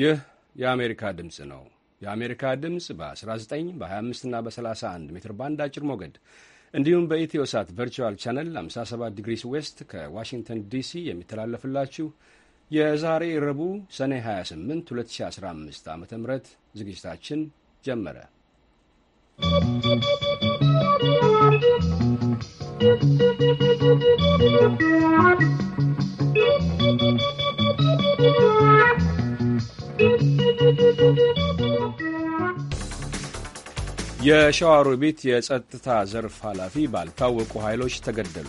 ይህ የአሜሪካ ድምፅ ነው። የአሜሪካ ድምፅ በ19 በ25 እና በ31 ሜትር ባንድ አጭር ሞገድ እንዲሁም በኢትዮ ሳት ቨርቹዋል ቻነል 57 ዲግሪስ ዌስት ከዋሽንግተን ዲሲ የሚተላለፍላችሁ የዛሬ ረቡዕ ሰኔ 28 2015 ዓ ም ዝግጅታችን ጀመረ። ¶¶ ቤት የጸጥታ ዘርፍ ኃላፊ ባልታወቁ ኃይሎች ተገደሉ።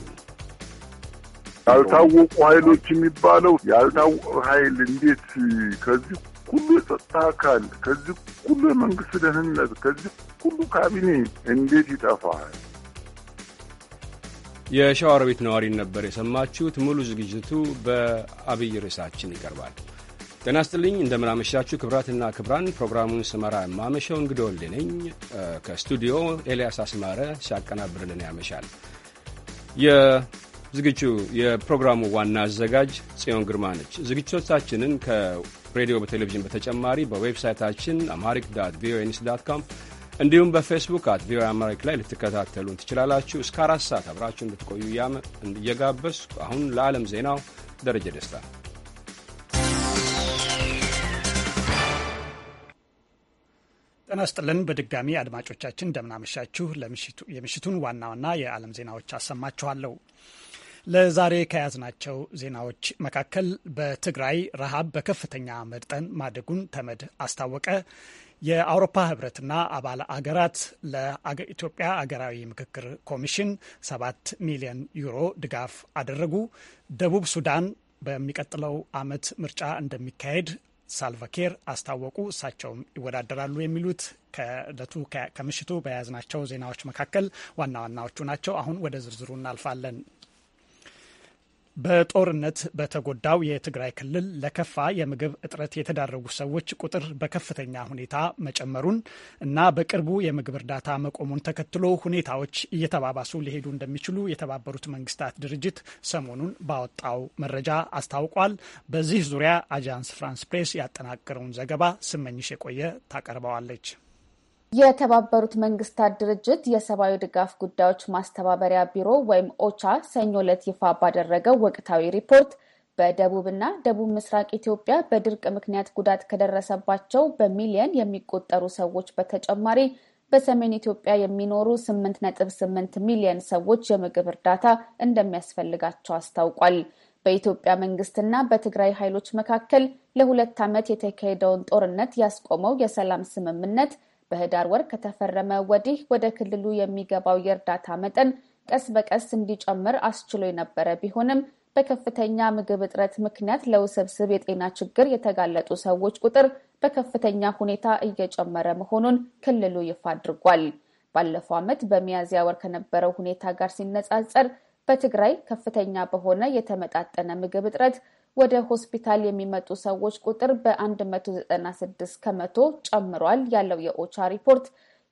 ያልታወቁ ኃይሎች የሚባለው ያልታወቁ ኃይል እንዴት ከዚህ ሁሉ የጸጥታ አካል ከዚህ ሁሉ የመንግስት ደህንነት ከዚህ ሁሉ ካቢኔ እንዴት ይጠፋል? ቤት ነዋሪን ነበር የሰማችሁት። ሙሉ ዝግጅቱ በአብይ ርዕሳችን ይቀርባል። ጤና ስጥልኝ። እንደምናመሻችሁ ክብራትና ክብራን። ፕሮግራሙን ስመራ የማመሸው እንግዲህ ወልድ ነኝ። ከስቱዲዮ ኤልያስ አስማረ ሲያቀናብርልን ያመሻል። የዝግጁ የፕሮግራሙ ዋና አዘጋጅ ጽዮን ግርማ ነች። ዝግጅቶቻችንን ከሬዲዮ በቴሌቪዥን በተጨማሪ በዌብሳይታችን አማሪክ ዳት ቪኦኤ ኒውስ ዳት ካም እንዲሁም በፌስቡክ አት ቪኦኤ አማሪክ ላይ ልትከታተሉን ትችላላችሁ። እስከ አራት ሰዓት አብራችሁ እንድትቆዩ እየጋበዝኩ አሁን ለዓለም ዜናው ደረጀ ደስታ ጤና ይስጥልን በድጋሚ አድማጮቻችን እንደምናመሻችሁ። የምሽቱን ዋና ዋና የዓለም ዜናዎች አሰማችኋለሁ። ለዛሬ ከያዝናቸው ዜናዎች መካከል በትግራይ ረሃብ በከፍተኛ መጠን ማደጉን ተመድ አስታወቀ፣ የአውሮፓ ህብረትና አባል አገራት ለኢትዮጵያ አገራዊ ምክክር ኮሚሽን ሰባት ሚሊዮን ዩሮ ድጋፍ አደረጉ፣ ደቡብ ሱዳን በሚቀጥለው ዓመት ምርጫ እንደሚካሄድ ሳልቫኬር አስታወቁ። እሳቸውም ይወዳደራሉ የሚሉት ከእለቱ ከምሽቱ በያዝናቸው ዜናዎች መካከል ዋና ዋናዎቹ ናቸው። አሁን ወደ ዝርዝሩ እናልፋለን። በጦርነት በተጎዳው የትግራይ ክልል ለከፋ የምግብ እጥረት የተዳረጉ ሰዎች ቁጥር በከፍተኛ ሁኔታ መጨመሩን እና በቅርቡ የምግብ እርዳታ መቆሙን ተከትሎ ሁኔታዎች እየተባባሱ ሊሄዱ እንደሚችሉ የተባበሩት መንግስታት ድርጅት ሰሞኑን ባወጣው መረጃ አስታውቋል። በዚህ ዙሪያ አጃንስ ፍራንስ ፕሬስ ያጠናቀረውን ዘገባ ስመኝሽ የቆየ ታቀርበዋለች። የተባበሩት መንግስታት ድርጅት የሰብአዊ ድጋፍ ጉዳዮች ማስተባበሪያ ቢሮ ወይም ኦቻ ሰኞ ዕለት ይፋ ባደረገው ወቅታዊ ሪፖርት በደቡብና ደቡብ ምስራቅ ኢትዮጵያ በድርቅ ምክንያት ጉዳት ከደረሰባቸው በሚሊየን የሚቆጠሩ ሰዎች በተጨማሪ በሰሜን ኢትዮጵያ የሚኖሩ 8.8 ሚሊየን ሰዎች የምግብ እርዳታ እንደሚያስፈልጋቸው አስታውቋል። በኢትዮጵያ መንግስትና በትግራይ ኃይሎች መካከል ለሁለት ዓመት የተካሄደውን ጦርነት ያስቆመው የሰላም ስምምነት በህዳር ወር ከተፈረመ ወዲህ ወደ ክልሉ የሚገባው የእርዳታ መጠን ቀስ በቀስ እንዲጨምር አስችሎ የነበረ ቢሆንም በከፍተኛ ምግብ እጥረት ምክንያት ለውስብስብ የጤና ችግር የተጋለጡ ሰዎች ቁጥር በከፍተኛ ሁኔታ እየጨመረ መሆኑን ክልሉ ይፋ አድርጓል። ባለፈው ዓመት በሚያዝያ ወር ከነበረው ሁኔታ ጋር ሲነጻጸር በትግራይ ከፍተኛ በሆነ የተመጣጠነ ምግብ እጥረት ወደ ሆስፒታል የሚመጡ ሰዎች ቁጥር በ196 ከመቶ ጨምሯል ያለው የኦቻ ሪፖርት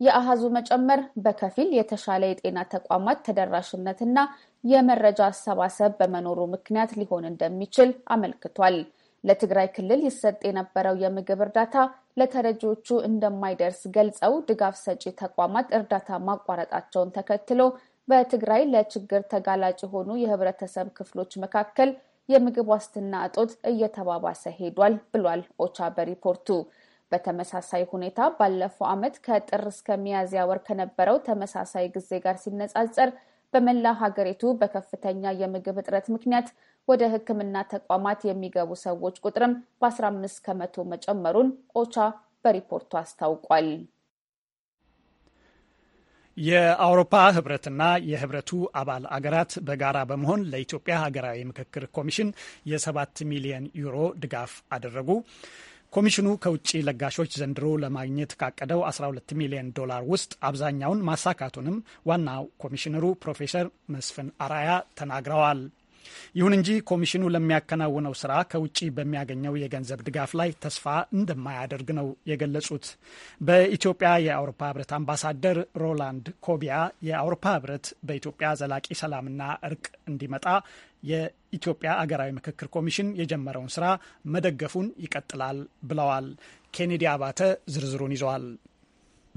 የአሃዙ መጨመር በከፊል የተሻለ የጤና ተቋማት ተደራሽነትና የመረጃ አሰባሰብ በመኖሩ ምክንያት ሊሆን እንደሚችል አመልክቷል። ለትግራይ ክልል ይሰጥ የነበረው የምግብ እርዳታ ለተረጂዎቹ እንደማይደርስ ገልጸው ድጋፍ ሰጪ ተቋማት እርዳታ ማቋረጣቸውን ተከትሎ በትግራይ ለችግር ተጋላጭ የሆኑ የህብረተሰብ ክፍሎች መካከል የምግብ ዋስትና እጦት እየተባባሰ ሄዷል ብሏል ኦቻ በሪፖርቱ። በተመሳሳይ ሁኔታ ባለፈው ዓመት ከጥር እስከ ሚያዝያ ወር ከነበረው ተመሳሳይ ጊዜ ጋር ሲነጻጸር በመላ ሀገሪቱ በከፍተኛ የምግብ እጥረት ምክንያት ወደ ሕክምና ተቋማት የሚገቡ ሰዎች ቁጥርም በ15 ከመቶ መጨመሩን ኦቻ በሪፖርቱ አስታውቋል። የአውሮፓ ህብረትና የህብረቱ አባል አገራት በጋራ በመሆን ለኢትዮጵያ ሀገራዊ ምክክር ኮሚሽን የሰባት ሚሊዮን ዩሮ ድጋፍ አደረጉ። ኮሚሽኑ ከውጭ ለጋሾች ዘንድሮ ለማግኘት ካቀደው 12 ሚሊዮን ዶላር ውስጥ አብዛኛውን ማሳካቱንም ዋናው ኮሚሽነሩ ፕሮፌሰር መስፍን አራያ ተናግረዋል። ይሁን እንጂ ኮሚሽኑ ለሚያከናውነው ስራ ከውጭ በሚያገኘው የገንዘብ ድጋፍ ላይ ተስፋ እንደማያደርግ ነው የገለጹት። በኢትዮጵያ የአውሮፓ ህብረት አምባሳደር ሮላንድ ኮቢያ የአውሮፓ ህብረት በኢትዮጵያ ዘላቂ ሰላምና እርቅ እንዲመጣ የኢትዮጵያ አገራዊ ምክክር ኮሚሽን የጀመረውን ስራ መደገፉን ይቀጥላል ብለዋል። ኬኔዲ አባተ ዝርዝሩን ይዘዋል።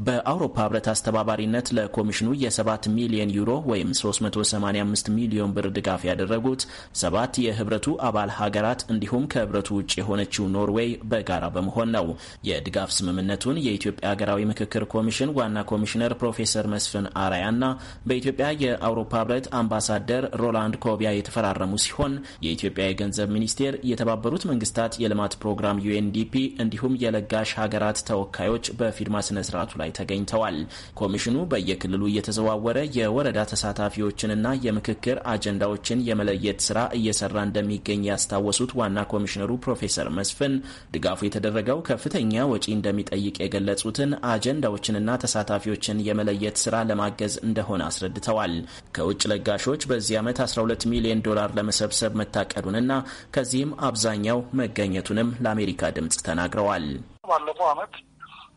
በአውሮፓ ህብረት አስተባባሪነት ለኮሚሽኑ የ7 ሚሊዮን ዩሮ ወይም 385 ሚሊዮን ብር ድጋፍ ያደረጉት ሰባት የህብረቱ አባል ሀገራት እንዲሁም ከህብረቱ ውጭ የሆነችው ኖርዌይ በጋራ በመሆን ነው። የድጋፍ ስምምነቱን የኢትዮጵያ ሀገራዊ ምክክር ኮሚሽን ዋና ኮሚሽነር ፕሮፌሰር መስፍን አራያና በኢትዮጵያ የአውሮፓ ህብረት አምባሳደር ሮላንድ ኮቢያ የተፈራረሙ ሲሆን የኢትዮጵያ የገንዘብ ሚኒስቴር፣ የተባበሩት መንግስታት የልማት ፕሮግራም ዩኤንዲፒ እንዲሁም የለጋሽ ሀገራት ተወካዮች በፊርማ ስነስርዓቱ ላይ ላይ ተገኝተዋል። ኮሚሽኑ በየክልሉ እየተዘዋወረ የወረዳ ተሳታፊዎችንና የምክክር አጀንዳዎችን የመለየት ስራ እየሰራ እንደሚገኝ ያስታወሱት ዋና ኮሚሽነሩ ፕሮፌሰር መስፍን ድጋፉ የተደረገው ከፍተኛ ወጪ እንደሚጠይቅ የገለጹትን አጀንዳዎችንና ተሳታፊዎችን የመለየት ስራ ለማገዝ እንደሆነ አስረድተዋል። ከውጭ ለጋሾች በዚህ ዓመት 12 ሚሊዮን ዶላር ለመሰብሰብ መታቀዱንና ከዚህም አብዛኛው መገኘቱንም ለአሜሪካ ድምፅ ተናግረዋል። ባለፈው ዓመት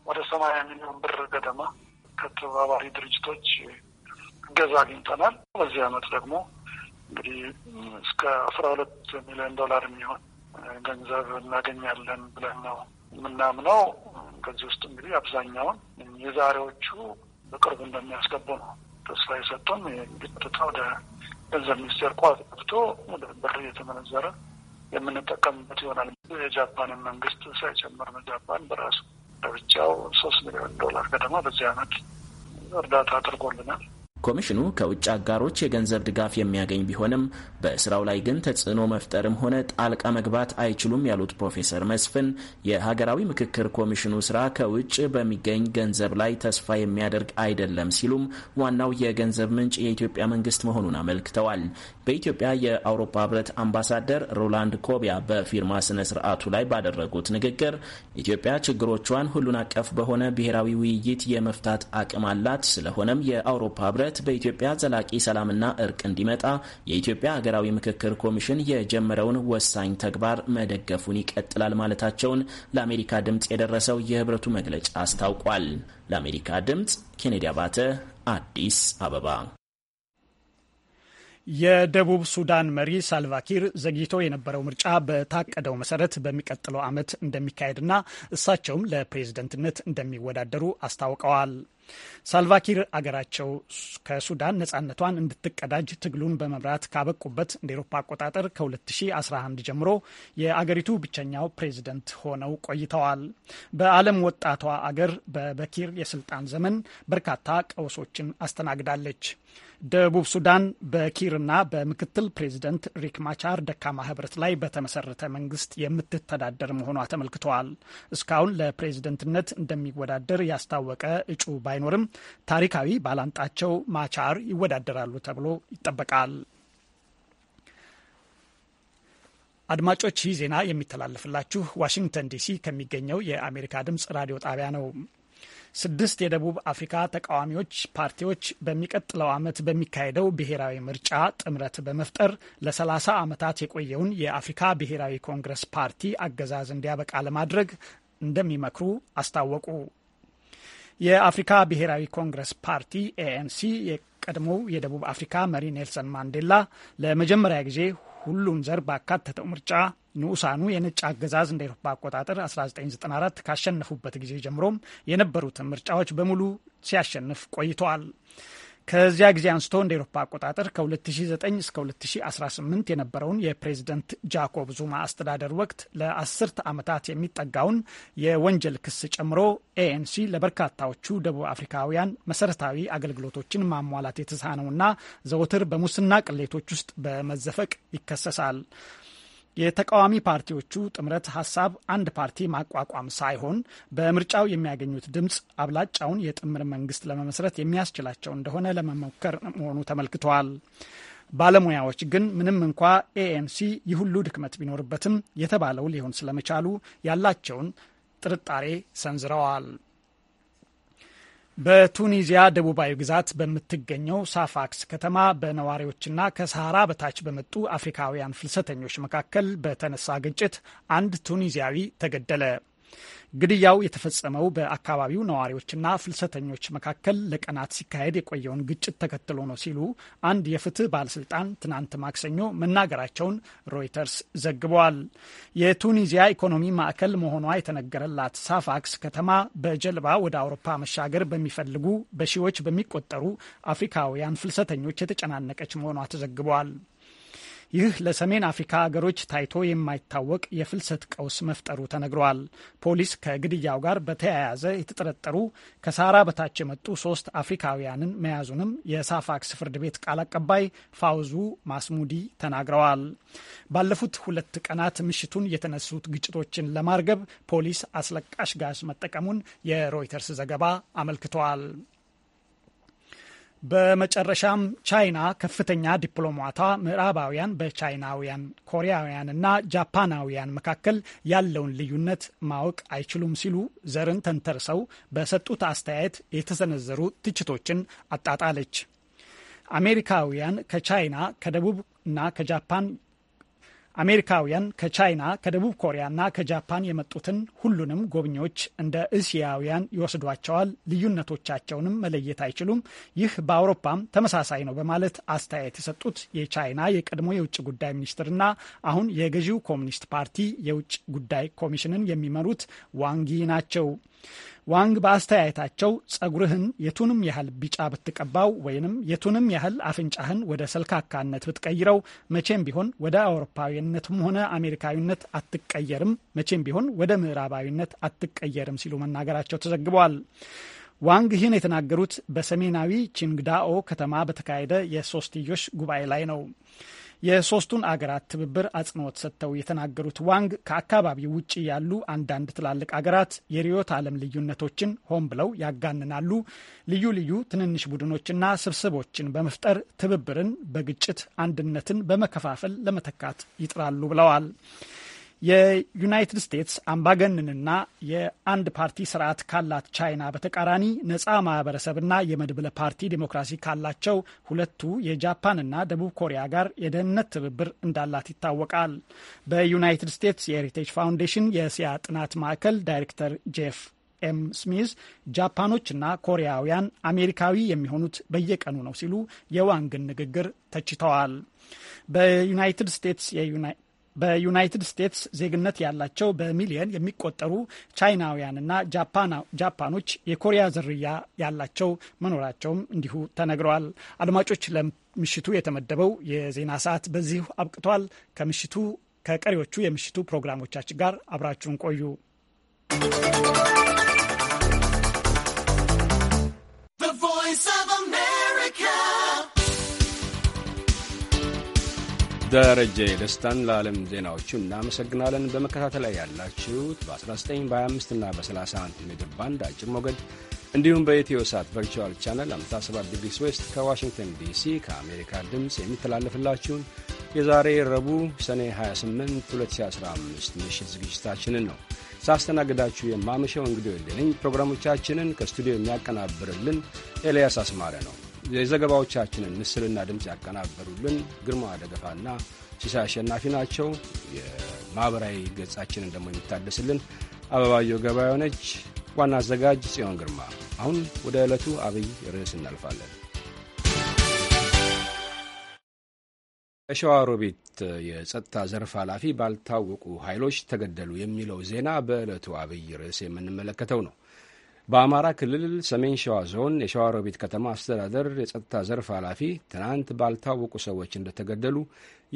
ወደ ሰማንያ ሚሊዮን ብር ገደማ ከተባባሪ ድርጅቶች እገዛ አግኝተናል። በዚህ አመት ደግሞ እንግዲህ እስከ አስራ ሁለት ሚሊዮን ዶላር የሚሆን ገንዘብ እናገኛለን ብለን ነው የምናምነው። ከዚህ ውስጥ እንግዲህ አብዛኛውን የዛሬዎቹ በቅርቡ እንደሚያስገቡ ነው ተስፋ የሰጡን። ግጥታ ወደ ገንዘብ ሚኒስቴር ቋት ገብቶ ወደ ብር እየተመነዘረ የምንጠቀምበት ይሆናል። የጃፓንን መንግስት ሳይጨምር ነው። ጃፓን በራሱ ለብቻው ሶስት ሚሊዮን ዶላር ገደማ በዚህ አመት እርዳታ አድርጎልናል። ኮሚሽኑ ከውጭ አጋሮች የገንዘብ ድጋፍ የሚያገኝ ቢሆንም በስራው ላይ ግን ተጽዕኖ መፍጠርም ሆነ ጣልቃ መግባት አይችሉም ያሉት ፕሮፌሰር መስፍን የሀገራዊ ምክክር ኮሚሽኑ ስራ ከውጭ በሚገኝ ገንዘብ ላይ ተስፋ የሚያደርግ አይደለም ሲሉም ዋናው የገንዘብ ምንጭ የኢትዮጵያ መንግስት መሆኑን አመልክተዋል። በኢትዮጵያ የአውሮፓ ህብረት አምባሳደር ሮላንድ ኮቢያ በፊርማ ስነ ስርዓቱ ላይ ባደረጉት ንግግር ኢትዮጵያ ችግሮቿን ሁሉን አቀፍ በሆነ ብሔራዊ ውይይት የመፍታት አቅም አላት። ስለሆነም የአውሮፓ ህብረት ሂደት በኢትዮጵያ ዘላቂ ሰላምና እርቅ እንዲመጣ የኢትዮጵያ ሀገራዊ ምክክር ኮሚሽን የጀመረውን ወሳኝ ተግባር መደገፉን ይቀጥላል ማለታቸውን ለአሜሪካ ድምፅ የደረሰው የህብረቱ መግለጫ አስታውቋል። ለአሜሪካ ድምፅ ኬኔዲ አባተ አዲስ አበባ የደቡብ ሱዳን መሪ ሳልቫኪር ዘግይቶ የነበረው ምርጫ በታቀደው መሰረት በሚቀጥለው ዓመት እንደሚካሄድና እሳቸውም ለፕሬዝደንትነት እንደሚወዳደሩ አስታውቀዋል። ሳልቫኪር አገራቸው ከሱዳን ነጻነቷን እንድትቀዳጅ ትግሉን በመምራት ካበቁበት እንደ ኤሮፓ አቆጣጠር ከ2011 ጀምሮ የአገሪቱ ብቸኛው ፕሬዝደንት ሆነው ቆይተዋል። በዓለም ወጣቷ አገር በበኪር የስልጣን ዘመን በርካታ ቀውሶችን አስተናግዳለች። ደቡብ ሱዳን በኪርና በምክትል ፕሬዚደንት ሪክ ማቻር ደካማ ህብረት ላይ በተመሰረተ መንግስት የምትተዳደር መሆኗ ተመልክተዋል። እስካሁን ለፕሬዝደንትነት እንደሚወዳደር ያስታወቀ እጩ ባይኖርም ታሪካዊ ባላንጣቸው ማቻር ይወዳደራሉ ተብሎ ይጠበቃል። አድማጮች ይህ ዜና የሚተላለፍላችሁ ዋሽንግተን ዲሲ ከሚገኘው የአሜሪካ ድምፅ ራዲዮ ጣቢያ ነው። ስድስት የደቡብ አፍሪካ ተቃዋሚዎች ፓርቲዎች በሚቀጥለው ዓመት በሚካሄደው ብሔራዊ ምርጫ ጥምረት በመፍጠር ለ30 ዓመታት የቆየውን የአፍሪካ ብሔራዊ ኮንግረስ ፓርቲ አገዛዝ እንዲያበቃ ለማድረግ እንደሚመክሩ አስታወቁ። የአፍሪካ ብሔራዊ ኮንግረስ ፓርቲ ኤኤንሲ የቀድሞው የደቡብ አፍሪካ መሪ ኔልሰን ማንዴላ ለመጀመሪያ ጊዜ ሁሉን ዘር ባካተተው ምርጫ ንዑሳኑ የነጭ አገዛዝ እንደ ኤሮፓ አቆጣጠር 1994 ካሸነፉበት ጊዜ ጀምሮም የነበሩትን ምርጫዎች በሙሉ ሲያሸንፍ ቆይተዋል። ከዚያ ጊዜ አንስቶ እንደ ኤሮፓ አቆጣጠር ከ2009 እስከ 2018 የነበረውን የፕሬዝደንት ጃኮብ ዙማ አስተዳደር ወቅት ለአስርተ ዓመታት የሚጠጋውን የወንጀል ክስ ጨምሮ ኤኤንሲ ለበርካታዎቹ ደቡብ አፍሪካውያን መሰረታዊ አገልግሎቶችን ማሟላት የተሳነውና ዘወትር በሙስና ቅሌቶች ውስጥ በመዘፈቅ ይከሰሳል። የተቃዋሚ ፓርቲዎቹ ጥምረት ሀሳብ አንድ ፓርቲ ማቋቋም ሳይሆን በምርጫው የሚያገኙት ድምፅ አብላጫውን የጥምር መንግስት ለመመስረት የሚያስችላቸው እንደሆነ ለመሞከር መሆኑ ተመልክተዋል። ባለሙያዎች ግን ምንም እንኳ ኤኤንሲ ይህ ሁሉ ድክመት ቢኖርበትም የተባለው ሊሆን ስለመቻሉ ያላቸውን ጥርጣሬ ሰንዝረዋል። በቱኒዚያ ደቡባዊ ግዛት በምትገኘው ሳፋክስ ከተማ በነዋሪዎችና ከሰሃራ በታች በመጡ አፍሪካውያን ፍልሰተኞች መካከል በተነሳ ግጭት አንድ ቱኒዚያዊ ተገደለ። ግድያው የተፈጸመው በአካባቢው ነዋሪዎችና ፍልሰተኞች መካከል ለቀናት ሲካሄድ የቆየውን ግጭት ተከትሎ ነው ሲሉ አንድ የፍትህ ባለስልጣን ትናንት ማክሰኞ መናገራቸውን ሮይተርስ ዘግበዋል። የቱኒዚያ ኢኮኖሚ ማዕከል መሆኗ የተነገረላት ሳፋክስ ከተማ በጀልባ ወደ አውሮፓ መሻገር በሚፈልጉ በሺዎች በሚቆጠሩ አፍሪካውያን ፍልሰተኞች የተጨናነቀች መሆኗ ተዘግበዋል። ይህ ለሰሜን አፍሪካ ሀገሮች ታይቶ የማይታወቅ የፍልሰት ቀውስ መፍጠሩ ተነግረዋል። ፖሊስ ከግድያው ጋር በተያያዘ የተጠረጠሩ ከሳራ በታች የመጡ ሶስት አፍሪካውያንን መያዙንም የሳፋክስ ፍርድ ቤት ቃል አቀባይ ፋውዙ ማስሙዲ ተናግረዋል። ባለፉት ሁለት ቀናት ምሽቱን የተነሱት ግጭቶችን ለማርገብ ፖሊስ አስለቃሽ ጋዝ መጠቀሙን የሮይተርስ ዘገባ አመልክተዋል። በመጨረሻም ቻይና ከፍተኛ ዲፕሎማቷ ምዕራባውያን በቻይናውያን ኮሪያውያን እና ጃፓናውያን መካከል ያለውን ልዩነት ማወቅ አይችሉም ሲሉ ዘርን ተንተርሰው በሰጡት አስተያየት የተሰነዘሩ ትችቶችን አጣጣለች። አሜሪካውያን ከቻይና ከደቡብ እና ከጃፓን አሜሪካውያን ከቻይና፣ ከደቡብ ኮሪያና ከጃፓን የመጡትን ሁሉንም ጎብኚዎች እንደ እስያውያን ይወስዷቸዋል፣ ልዩነቶቻቸውንም መለየት አይችሉም፣ ይህ በአውሮፓም ተመሳሳይ ነው በማለት አስተያየት የሰጡት የቻይና የቀድሞ የውጭ ጉዳይ ሚኒስትርና አሁን የገዢው ኮሚኒስት ፓርቲ የውጭ ጉዳይ ኮሚሽንን የሚመሩት ዋንጊ ናቸው። ዋንግ በአስተያየታቸው ጸጉርህን የቱንም ያህል ቢጫ ብትቀባው ወይንም የቱንም ያህል አፍንጫህን ወደ ሰልካካነት ብትቀይረው መቼም ቢሆን ወደ አውሮፓዊነትም ሆነ አሜሪካዊነት አትቀየርም፣ መቼም ቢሆን ወደ ምዕራባዊነት አትቀየርም ሲሉ መናገራቸው ተዘግበዋል። ዋንግ ይህን የተናገሩት በሰሜናዊ ቺንግዳኦ ከተማ በተካሄደ የሶስትዮሽ ጉባኤ ላይ ነው። የሶስቱን አገራት ትብብር አጽንኦት ሰጥተው የተናገሩት ዋንግ ከአካባቢው ውጭ ያሉ አንዳንድ ትላልቅ አገራት የርዕዮተ ዓለም ልዩነቶችን ሆን ብለው ያጋንናሉ፣ ልዩ ልዩ ትንንሽ ቡድኖችና ስብስቦችን በመፍጠር ትብብርን በግጭት አንድነትን በመከፋፈል ለመተካት ይጥራሉ ብለዋል። የዩናይትድ ስቴትስ አምባገነንና የአንድ ፓርቲ ስርዓት ካላት ቻይና በተቃራኒ ነፃ ማህበረሰብና የመድብለ ፓርቲ ዴሞክራሲ ካላቸው ሁለቱ የጃፓንና ደቡብ ኮሪያ ጋር የደህንነት ትብብር እንዳላት ይታወቃል። በዩናይትድ ስቴትስ የሄሪቴጅ ፋውንዴሽን የእስያ ጥናት ማዕከል ዳይሬክተር ጄፍ ኤም ስሚዝ ጃፓኖችና ኮሪያውያን አሜሪካዊ የሚሆኑት በየቀኑ ነው ሲሉ የዋንግን ንግግር ተችተዋል። በዩናይትድ ስቴትስ በዩናይትድ ስቴትስ ዜግነት ያላቸው በሚሊየን የሚቆጠሩ ቻይናውያንና ጃፓኖች የኮሪያ ዝርያ ያላቸው መኖራቸውም እንዲሁ ተነግረዋል። አድማጮች፣ ለምሽቱ የተመደበው የዜና ሰዓት በዚሁ አብቅቷል። ከምሽቱ ከቀሪዎቹ የምሽቱ ፕሮግራሞቻችን ጋር አብራችሁን ቆዩ። ደረጀ ደስታን ለዓለም ዜናዎቹ እናመሰግናለን። በመከታተል ላይ ያላችሁት በ19 በ25 እና በ31 ሜትር ባንድ አጭር ሞገድ እንዲሁም በኢትዮ ሳት ቨርቹዋል ቻነል 57 ዲግሪ ዌስት ከዋሽንግተን ዲሲ ከአሜሪካ ድምፅ የሚተላለፍላችሁን የዛሬ ረቡዕ ሰኔ 28 2015 ምሽት ዝግጅታችንን ነው። ሳስተናግዳችሁ የማመሸው እንግዲህ ወልደነኝ ፕሮግራሞቻችንን ከስቱዲዮ የሚያቀናብርልን ኤልያስ አስማረ ነው። የዘገባዎቻችንን ምስልና ድምፅ ያቀናበሩልን ግርማ ደገፋና ሲሳ አሸናፊ ናቸው። የማኅበራዊ ገጻችንን ደግሞ የሚታደስልን አበባየው ገበያ ነች። ዋና አዘጋጅ ጽዮን ግርማ። አሁን ወደ ዕለቱ አብይ ርዕስ እናልፋለን። የሸዋሮቢት የጸጥታ ዘርፍ ኃላፊ ባልታወቁ ኃይሎች ተገደሉ የሚለው ዜና በዕለቱ አብይ ርዕስ የምንመለከተው ነው። በአማራ ክልል ሰሜን ሸዋ ዞን የሸዋሮቢት ከተማ አስተዳደር የጸጥታ ዘርፍ ኃላፊ ትናንት ባልታወቁ ሰዎች እንደተገደሉ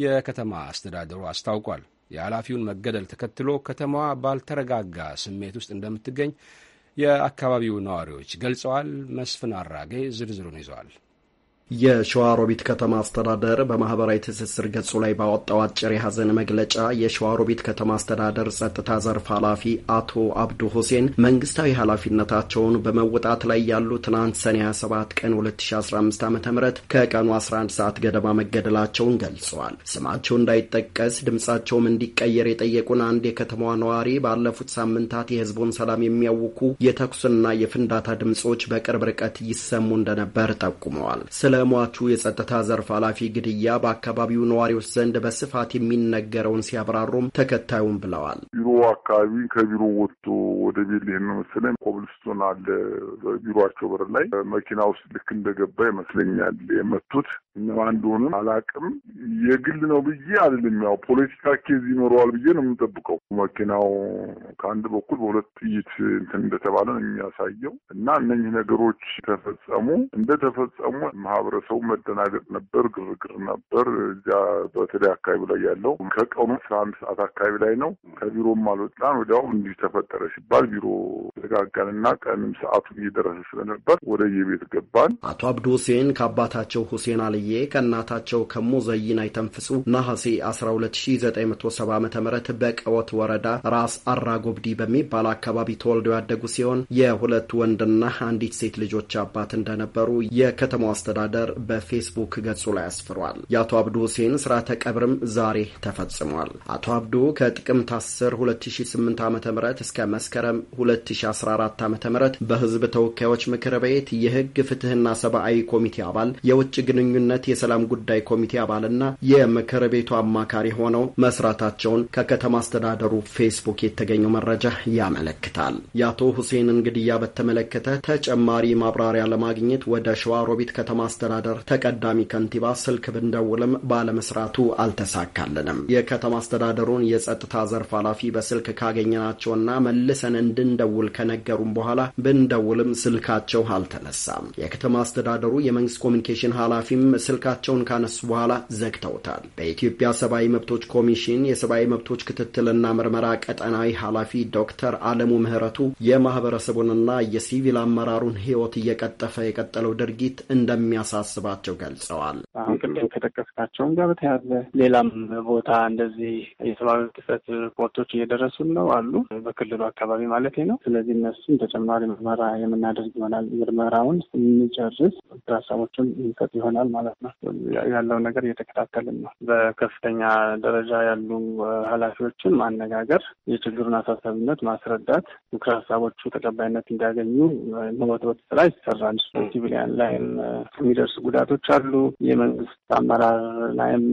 የከተማ አስተዳደሩ አስታውቋል። የኃላፊውን መገደል ተከትሎ ከተማዋ ባልተረጋጋ ስሜት ውስጥ እንደምትገኝ የአካባቢው ነዋሪዎች ገልጸዋል። መስፍን አራጌ ዝርዝሩን ይዘዋል። የሸዋሮቢት ከተማ አስተዳደር በማህበራዊ ትስስር ገጹ ላይ ባወጣው አጭር የሐዘን መግለጫ የሸዋሮቢት ከተማ አስተዳደር ጸጥታ ዘርፍ ኃላፊ አቶ አብዱ ሁሴን መንግስታዊ ኃላፊነታቸውን በመወጣት ላይ ያሉ ትናንት ሰኔ 27 ቀን 2015 ዓ ም ከቀኑ 11 ሰዓት ገደማ መገደላቸውን ገልጸዋል። ስማቸው እንዳይጠቀስ ድምፃቸውም እንዲቀየር የጠየቁን አንድ የከተማዋ ነዋሪ ባለፉት ሳምንታት የህዝቡን ሰላም የሚያውኩ የተኩስና የፍንዳታ ድምፆች በቅርብ ርቀት ይሰሙ እንደነበር ጠቁመዋል። ስለ ለሟቹ የጸጥታ ዘርፍ ኃላፊ ግድያ በአካባቢው ነዋሪዎች ዘንድ በስፋት የሚነገረውን ሲያብራሩም ተከታዩም ብለዋል። ቢሮ አካባቢ ከቢሮ ወጥቶ ወደ ቤት ሊሄድ ነው መሰለኝ። ኮብልስቶን አለ በቢሮቸው በር ላይ መኪና ውስጥ ልክ እንደገባ ይመስለኛል የመቱት። እነማን እንደሆነ አላቅም። የግል ነው ብዬ አይደለም፣ ያው ፖለቲካ ኬዝ ይኖረዋል ብዬ ነው የምንጠብቀው። መኪናው ከአንድ በኩል በሁለት ጥይት እንትን እንደተባለ ነው የሚያሳየው እና እነኚህ ነገሮች ተፈጸሙ እንደተፈጸሙ ማህበ ማህበረሰቡ መደናገጥ ነበር፣ ግርግር ነበር። እዚያ በተለይ አካባቢ ላይ ያለው ከቀኑ አስራ አንድ ሰዓት አካባቢ ላይ ነው። ከቢሮም አልወጣን ወዲያውም እንዲህ ተፈጠረ ሲባል ቢሮ ተጋጋንና ቀንም ሰዓቱ እየደረሰ ስለነበር ወደ የቤት ገባን። አቶ አብዱ ሁሴን ከአባታቸው ሁሴን አልዬ ከእናታቸው ከሙዘይን አይተንፍሱ ነሐሴ ሰባ ዓ ም በቀወት ወረዳ ራስ አራጎብዲ በሚባል አካባቢ ተወልደው ያደጉ ሲሆን የሁለት ወንድና አንዲት ሴት ልጆች አባት እንደነበሩ የከተማው አስተዳደር አስተዳደር በፌስቡክ ገጹ ላይ አስፍሯል። የአቶ አብዱ ሁሴን ስርዓተ ቀብርም ዛሬ ተፈጽሟል። አቶ አብዱ ከጥቅምት 10 2008 ዓ ም እስከ መስከረም 2014 ዓ ም በህዝብ ተወካዮች ምክር ቤት የህግ ፍትህና ሰብአዊ ኮሚቴ አባል፣ የውጭ ግንኙነት የሰላም ጉዳይ ኮሚቴ አባልና የምክር ቤቱ አማካሪ ሆነው መስራታቸውን ከከተማ አስተዳደሩ ፌስቡክ የተገኘው መረጃ ያመለክታል። የአቶ ሁሴንን ግድያ በተመለከተ ተጨማሪ ማብራሪያ ለማግኘት ወደ ሮቢት ከተማ አስተዳደሩ አስተዳደር ተቀዳሚ ከንቲባ ስልክ ብንደውልም ባለመስራቱ አልተሳካልንም። የከተማ አስተዳደሩን የጸጥታ ዘርፍ ኃላፊ በስልክ ካገኘናቸውና መልሰን እንድንደውል ከነገሩም በኋላ ብንደውልም ስልካቸው አልተነሳም። የከተማ አስተዳደሩ የመንግስት ኮሚኒኬሽን ኃላፊም ስልካቸውን ካነሱ በኋላ ዘግተውታል። በኢትዮጵያ ሰብአዊ መብቶች ኮሚሽን የሰብአዊ መብቶች ክትትልና ምርመራ ቀጠናዊ ኃላፊ ዶክተር አለሙ ምህረቱ የማህበረሰቡንና የሲቪል አመራሩን ህይወት እየቀጠፈ የቀጠለው ድርጊት እንደሚያሳ እንደሚያሳስባቸው ገልጸዋል። አሁን ቅድም ከጠቀስካቸውም ጋር በተያያዘ ሌላም ቦታ እንደዚህ የሰብአዊ ጥሰት ሪፖርቶች እየደረሱን ነው አሉ፣ በክልሉ አካባቢ ማለት ነው። ስለዚህ እነሱም ተጨማሪ ምርመራ የምናደርግ ይሆናል። ምርመራውን ስንጨርስ ሀሳቦችን እንሰጥ ይሆናል ማለት ነው። ያለው ነገር እየተከታተልን ነው። በከፍተኛ ደረጃ ያሉ ኃላፊዎችን ማነጋገር፣ የችግሩን አሳሳቢነት ማስረዳት፣ ምክር ሀሳቦቹ ተቀባይነት እንዲያገኙ መወትወት ስራ ይሰራል። ሲቪሊያን ላይ የሚደርስ ጉዳቶች አሉ። የመንግስት አመራር ላይም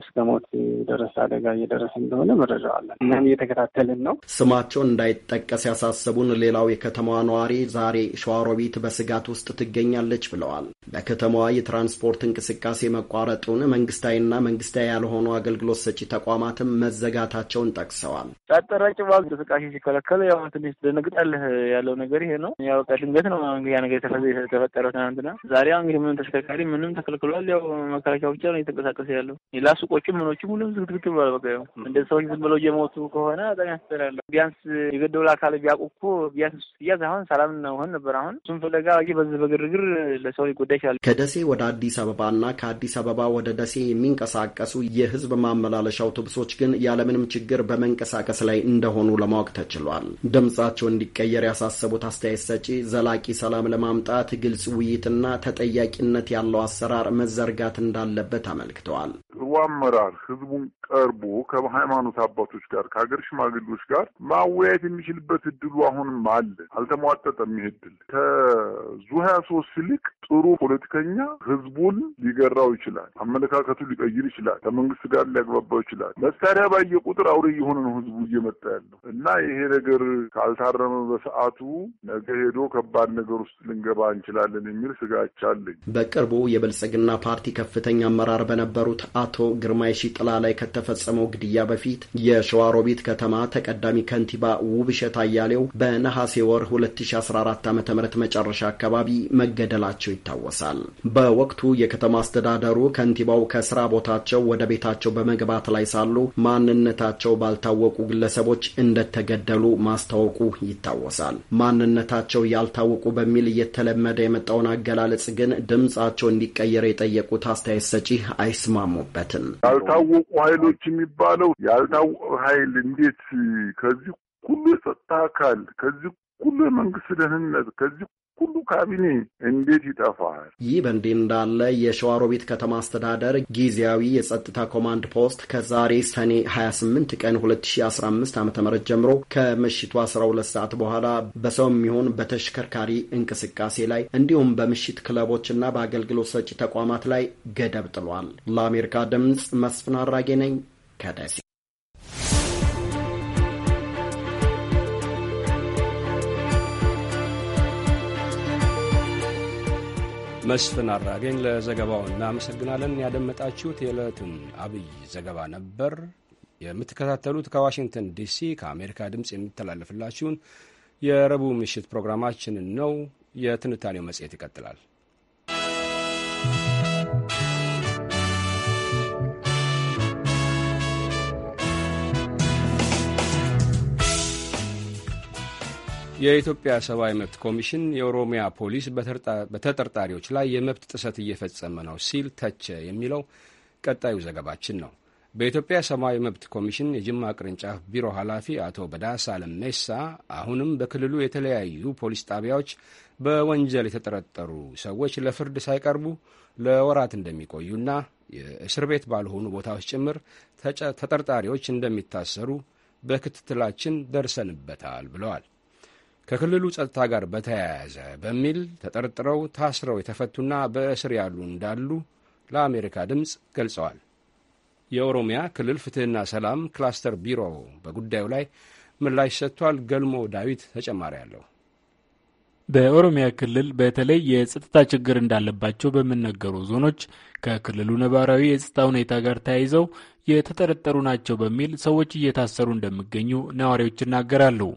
እስከ ሞት የደረሰ አደጋ እየደረሰ እንደሆነ መረጃ አለን። እኛም እየተከታተልን ነው። ስማቸውን እንዳይጠቀስ ያሳሰቡን ሌላው የከተማዋ ነዋሪ ዛሬ ሸዋሮቢት በስጋት ውስጥ ትገኛለች ብለዋል። በከተማዋ የትራንስፖርት እንቅስቃሴ መቋረጡን መንግስታዊና መንግስታዊ ያልሆኑ አገልግሎት ሰጪ ተቋማትም መዘጋታቸውን ጠቅሰዋል። ጣጠራጭ ባ እንቅስቃሴ ሲከለከል ያው ትንሽ ደነግጣለህ ያለው ነገር ይሄ ነው። ያው ድንገት ነው ያ ነገር የተፈጠረው ትናንትና ዛሬ እንግዲህ ምን ተሽከርካሪ ምንም ተከልክሏል። ያው መከላከያ ብቻ ነው እየተንቀሳቀሰ ያለው። ሌላ ሱቆችም ምኖችም ሁሉም ዝግትግት ብሏል። በቃ ያው እንደ ሰዎች ዝም ብለው እየሞቱ ከሆነ በጣም ያስፈራል። ቢያንስ የገደውል አካል ቢያውቁ እኮ ቢያንስ ብያዝ አሁን ሰላም ሆን ነበር። አሁን እሱም ፍለጋ በዚህ በግርግር ለሰው ሊጎዳ ይችላል። ከደሴ ወደ አዲስ አበባና ከአዲስ አበባ ወደ ደሴ የሚንቀሳቀሱ የህዝብ ማመላለሻ አውቶቡሶች ግን ያለምንም ችግር በመንቀሳቀስ ላይ እንደሆኑ ለማወቅ ተችሏል። ድምጻቸው እንዲቀየር ያሳሰቡት አስተያየት ሰጪ ዘላቂ ሰላም ለማምጣት ግልጽ ውይይትና ተጠያቂነት ተጠያቂነት ያለው አሰራር መዘርጋት እንዳለበት አመልክተዋል። ጥሩ አመራር ህዝቡን ቀርቦ ከሃይማኖት አባቶች ጋር ከሀገር ሽማግሌዎች ጋር ማወያየት የሚችልበት እድሉ አሁንም አለ። አልተሟጠጠም። ይህ እድል ከዙ ሀያ ሶስት ይልቅ ጥሩ ፖለቲከኛ ህዝቡን ሊገራው ይችላል። አመለካከቱ ሊቀይር ይችላል። ከመንግስት ጋር ሊያግባባው ይችላል። መሳሪያ ባየ ቁጥር አውሬ እየሆነ ነው ህዝቡ እየመጣ ያለው እና ይሄ ነገር ካልታረመ በሰዓቱ ነገ ሄዶ ከባድ ነገር ውስጥ ልንገባ እንችላለን የሚል ስጋቻ አለኝ። በቅርቡ የብልጽግና ፓርቲ ከፍተኛ አመራር በነበሩት አቶ ግርማይሺ ጥላ ላይ ከተፈጸመው ግድያ በፊት የሸዋሮቢት ከተማ ተቀዳሚ ከንቲባ ውብሸት አያሌው በነሐሴ ወር 2014 ዓ ም መጨረሻ አካባቢ መገደላቸው ይታወሳል። በወቅቱ የከተማ አስተዳደሩ ከንቲባው ከስራ ቦታቸው ወደ ቤታቸው በመግባት ላይ ሳሉ ማንነታቸው ባልታወቁ ግለሰቦች እንደተገደሉ ማስታወቁ ይታወሳል። ማንነታቸው ያልታወቁ በሚል እየተለመደ የመጣውን አገላለጽ ግን ድምፅ ድምጻቸው እንዲቀየር የጠየቁት አስተያየት ሰጪ አይስማሙበትም። ያልታወቁ ኃይሎች የሚባለው ያልታወቀ ኃይል እንዴት ከዚህ ሁሉ የጸጥታ አካል ከዚህ ሁሉ የመንግስት ደህንነት ከዚህ ሁሉ ካቢኔ እንዴት ይጠፋል? ይህ በእንዲህ እንዳለ የሸዋሮቢት ከተማ አስተዳደር ጊዜያዊ የጸጥታ ኮማንድ ፖስት ከዛሬ ሰኔ 28 ቀን 2015 ዓ ም ጀምሮ ከምሽቱ 12 ሰዓት በኋላ በሰው የሚሆን በተሽከርካሪ እንቅስቃሴ ላይ እንዲሁም በምሽት ክለቦችና በአገልግሎት ሰጪ ተቋማት ላይ ገደብ ጥሏል። ለአሜሪካ ድምፅ መስፍን አራጌ ነኝ ከደሴ መስፍን አራገኝ ለዘገባው እናመሰግናለን። ያደመጣችሁት የዕለቱን አብይ ዘገባ ነበር። የምትከታተሉት ከዋሽንግተን ዲሲ ከአሜሪካ ድምፅ የሚተላለፍላችሁን የረቡዕ ምሽት ፕሮግራማችንን ነው። የትንታኔው መጽሔት ይቀጥላል። የኢትዮጵያ ሰብአዊ መብት ኮሚሽን የኦሮሚያ ፖሊስ በተጠርጣሪዎች ላይ የመብት ጥሰት እየፈጸመ ነው ሲል ተቸ የሚለው ቀጣዩ ዘገባችን ነው። በኢትዮጵያ ሰብአዊ መብት ኮሚሽን የጅማ ቅርንጫፍ ቢሮ ኃላፊ አቶ በዳሳ ለሜሳ አሁንም በክልሉ የተለያዩ ፖሊስ ጣቢያዎች በወንጀል የተጠረጠሩ ሰዎች ለፍርድ ሳይቀርቡ ለወራት እንደሚቆዩና የእስር ቤት ባልሆኑ ቦታዎች ጭምር ተጠርጣሪዎች እንደሚታሰሩ በክትትላችን ደርሰንበታል ብለዋል። ከክልሉ ጸጥታ ጋር በተያያዘ በሚል ተጠርጥረው ታስረው የተፈቱና በእስር ያሉ እንዳሉ ለአሜሪካ ድምፅ ገልጸዋል። የኦሮሚያ ክልል ፍትሕና ሰላም ክላስተር ቢሮ በጉዳዩ ላይ ምላሽ ሰጥቷል። ገልሞ ዳዊት ተጨማሪ አለው። በኦሮሚያ ክልል በተለይ የጸጥታ ችግር እንዳለባቸው በሚነገሩ ዞኖች ከክልሉ ነባራዊ የጸጥታ ሁኔታ ጋር ተያይዘው የተጠረጠሩ ናቸው በሚል ሰዎች እየታሰሩ እንደሚገኙ ነዋሪዎች ይናገራሉ።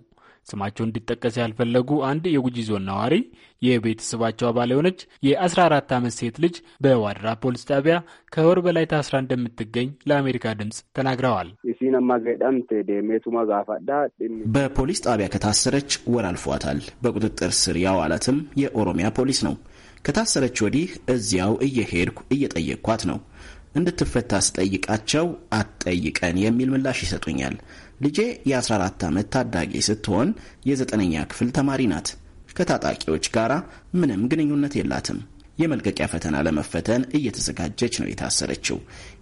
ስማቸው እንዲጠቀስ ያልፈለጉ አንድ የጉጂ ዞን ነዋሪ የቤተሰባቸው አባል የሆነች የ14 ዓመት ሴት ልጅ በዋድራ ፖሊስ ጣቢያ ከወር በላይ ታስራ እንደምትገኝ ለአሜሪካ ድምፅ ተናግረዋል። በፖሊስ ጣቢያ ከታሰረች ወር አልፏታል። በቁጥጥር ስር ያዋላትም የኦሮሚያ ፖሊስ ነው። ከታሰረች ወዲህ እዚያው እየሄድኩ እየጠየቅኳት ነው። እንድትፈታ ስጠይቃቸው አትጠይቀን የሚል ምላሽ ይሰጡኛል። ልጄ የ14 ዓመት ታዳጊ ስትሆን የዘጠነኛ ክፍል ተማሪ ናት። ከታጣቂዎች ጋር ምንም ግንኙነት የላትም። የመልቀቂያ ፈተና ለመፈተን እየተዘጋጀች ነው የታሰረችው።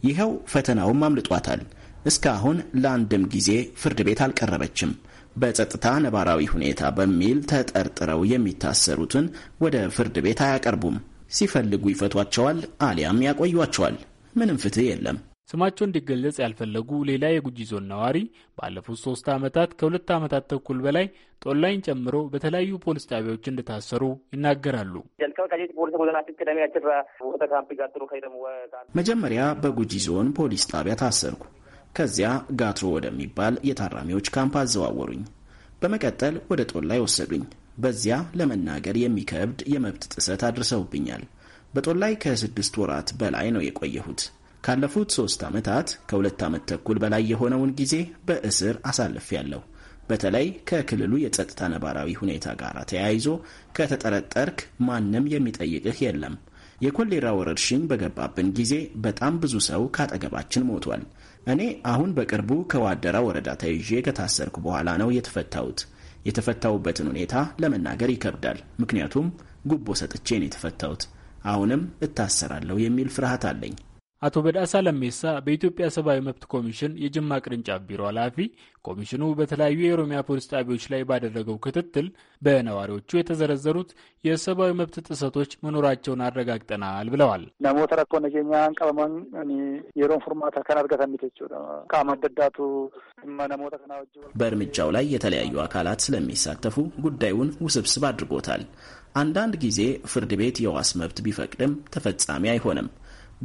ይኸው ፈተናውም አምልጧታል። እስካሁን ለአንድም ጊዜ ፍርድ ቤት አልቀረበችም። በጸጥታ ነባራዊ ሁኔታ በሚል ተጠርጥረው የሚታሰሩትን ወደ ፍርድ ቤት አያቀርቡም። ሲፈልጉ ይፈቷቸዋል፣ አሊያም ያቆዩቸዋል። ምንም ፍትህ የለም። ስማቸው እንዲገለጽ ያልፈለጉ ሌላ የጉጂ ዞን ነዋሪ ባለፉት ሶስት ዓመታት ከሁለት ዓመታት ተኩል በላይ ጦላይን ጨምሮ በተለያዩ ፖሊስ ጣቢያዎች እንደታሰሩ ይናገራሉ። መጀመሪያ በጉጂ ዞን ፖሊስ ጣቢያ ታሰርኩ። ከዚያ ጋትሮ ወደሚባል የታራሚዎች ካምፕ አዘዋወሩኝ። በመቀጠል ወደ ጦላይ ወሰዱኝ። በዚያ ለመናገር የሚከብድ የመብት ጥሰት አድርሰውብኛል። በጦላይ ከስድስት ወራት በላይ ነው የቆየሁት። ካለፉት ሶስት ዓመታት ከሁለት ዓመት ተኩል በላይ የሆነውን ጊዜ በእስር አሳልፌያለሁ። በተለይ ከክልሉ የጸጥታ ነባራዊ ሁኔታ ጋር ተያይዞ ከተጠረጠርክ ማንም የሚጠይቅህ የለም። የኮሌራ ወረርሽኝ በገባብን ጊዜ በጣም ብዙ ሰው ካጠገባችን ሞቷል። እኔ አሁን በቅርቡ ከዋደራ ወረዳ ተይዤ ከታሰርኩ በኋላ ነው የተፈታሁት። የተፈታሁበትን ሁኔታ ለመናገር ይከብዳል፣ ምክንያቱም ጉቦ ሰጥቼ ነው የተፈታሁት። አሁንም እታሰራለሁ የሚል ፍርሃት አለኝ። አቶ በዳሳ ለሜሳ በኢትዮጵያ ሰብአዊ መብት ኮሚሽን የጅማ ቅርንጫፍ ቢሮ ኃላፊ፣ ኮሚሽኑ በተለያዩ የኦሮሚያ ፖሊስ ጣቢያዎች ላይ ባደረገው ክትትል በነዋሪዎቹ የተዘረዘሩት የሰብአዊ መብት ጥሰቶች መኖራቸውን አረጋግጠናል ብለዋል። ናሞተ ረኮ ነገኛ ቀበመን የሮም ፉርማታ ከን አርገተሚተች በእርምጃው ላይ የተለያዩ አካላት ስለሚሳተፉ ጉዳዩን ውስብስብ አድርጎታል። አንዳንድ ጊዜ ፍርድ ቤት የዋስ መብት ቢፈቅድም ተፈጻሚ አይሆንም።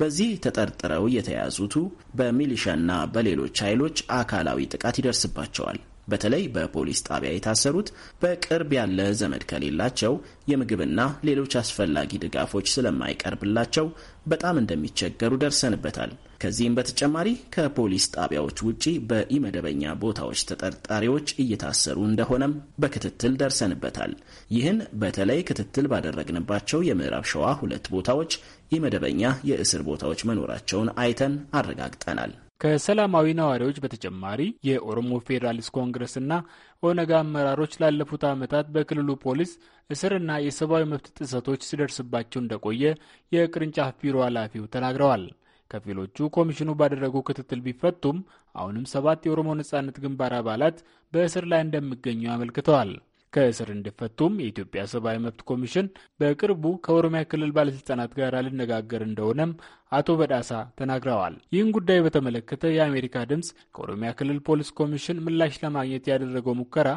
በዚህ ተጠርጥረው የተያዙቱ በሚሊሻና በሌሎች ኃይሎች አካላዊ ጥቃት ይደርስባቸዋል። በተለይ በፖሊስ ጣቢያ የታሰሩት በቅርብ ያለ ዘመድ ከሌላቸው የምግብና ሌሎች አስፈላጊ ድጋፎች ስለማይቀርብላቸው በጣም እንደሚቸገሩ ደርሰንበታል። ከዚህም በተጨማሪ ከፖሊስ ጣቢያዎች ውጪ በኢመደበኛ ቦታዎች ተጠርጣሪዎች እየታሰሩ እንደሆነም በክትትል ደርሰንበታል። ይህን በተለይ ክትትል ባደረግንባቸው የምዕራብ ሸዋ ሁለት ቦታዎች የመደበኛ የእስር ቦታዎች መኖራቸውን አይተን አረጋግጠናል። ከሰላማዊ ነዋሪዎች በተጨማሪ የኦሮሞ ፌዴራሊስት ኮንግረስና ኦነግ አመራሮች ላለፉት ዓመታት በክልሉ ፖሊስ እስርና የሰብአዊ መብት ጥሰቶች ሲደርስባቸው እንደቆየ የቅርንጫፍ ቢሮ ኃላፊው ተናግረዋል። ከፊሎቹ ኮሚሽኑ ባደረጉ ክትትል ቢፈቱም አሁንም ሰባት የኦሮሞ ነጻነት ግንባር አባላት በእስር ላይ እንደሚገኙ አመልክተዋል። ከእስር እንዲፈቱም የኢትዮጵያ ሰብአዊ መብት ኮሚሽን በቅርቡ ከኦሮሚያ ክልል ባለስልጣናት ጋር ልነጋገር እንደሆነም አቶ በዳሳ ተናግረዋል። ይህን ጉዳይ በተመለከተ የአሜሪካ ድምፅ ከኦሮሚያ ክልል ፖሊስ ኮሚሽን ምላሽ ለማግኘት ያደረገው ሙከራ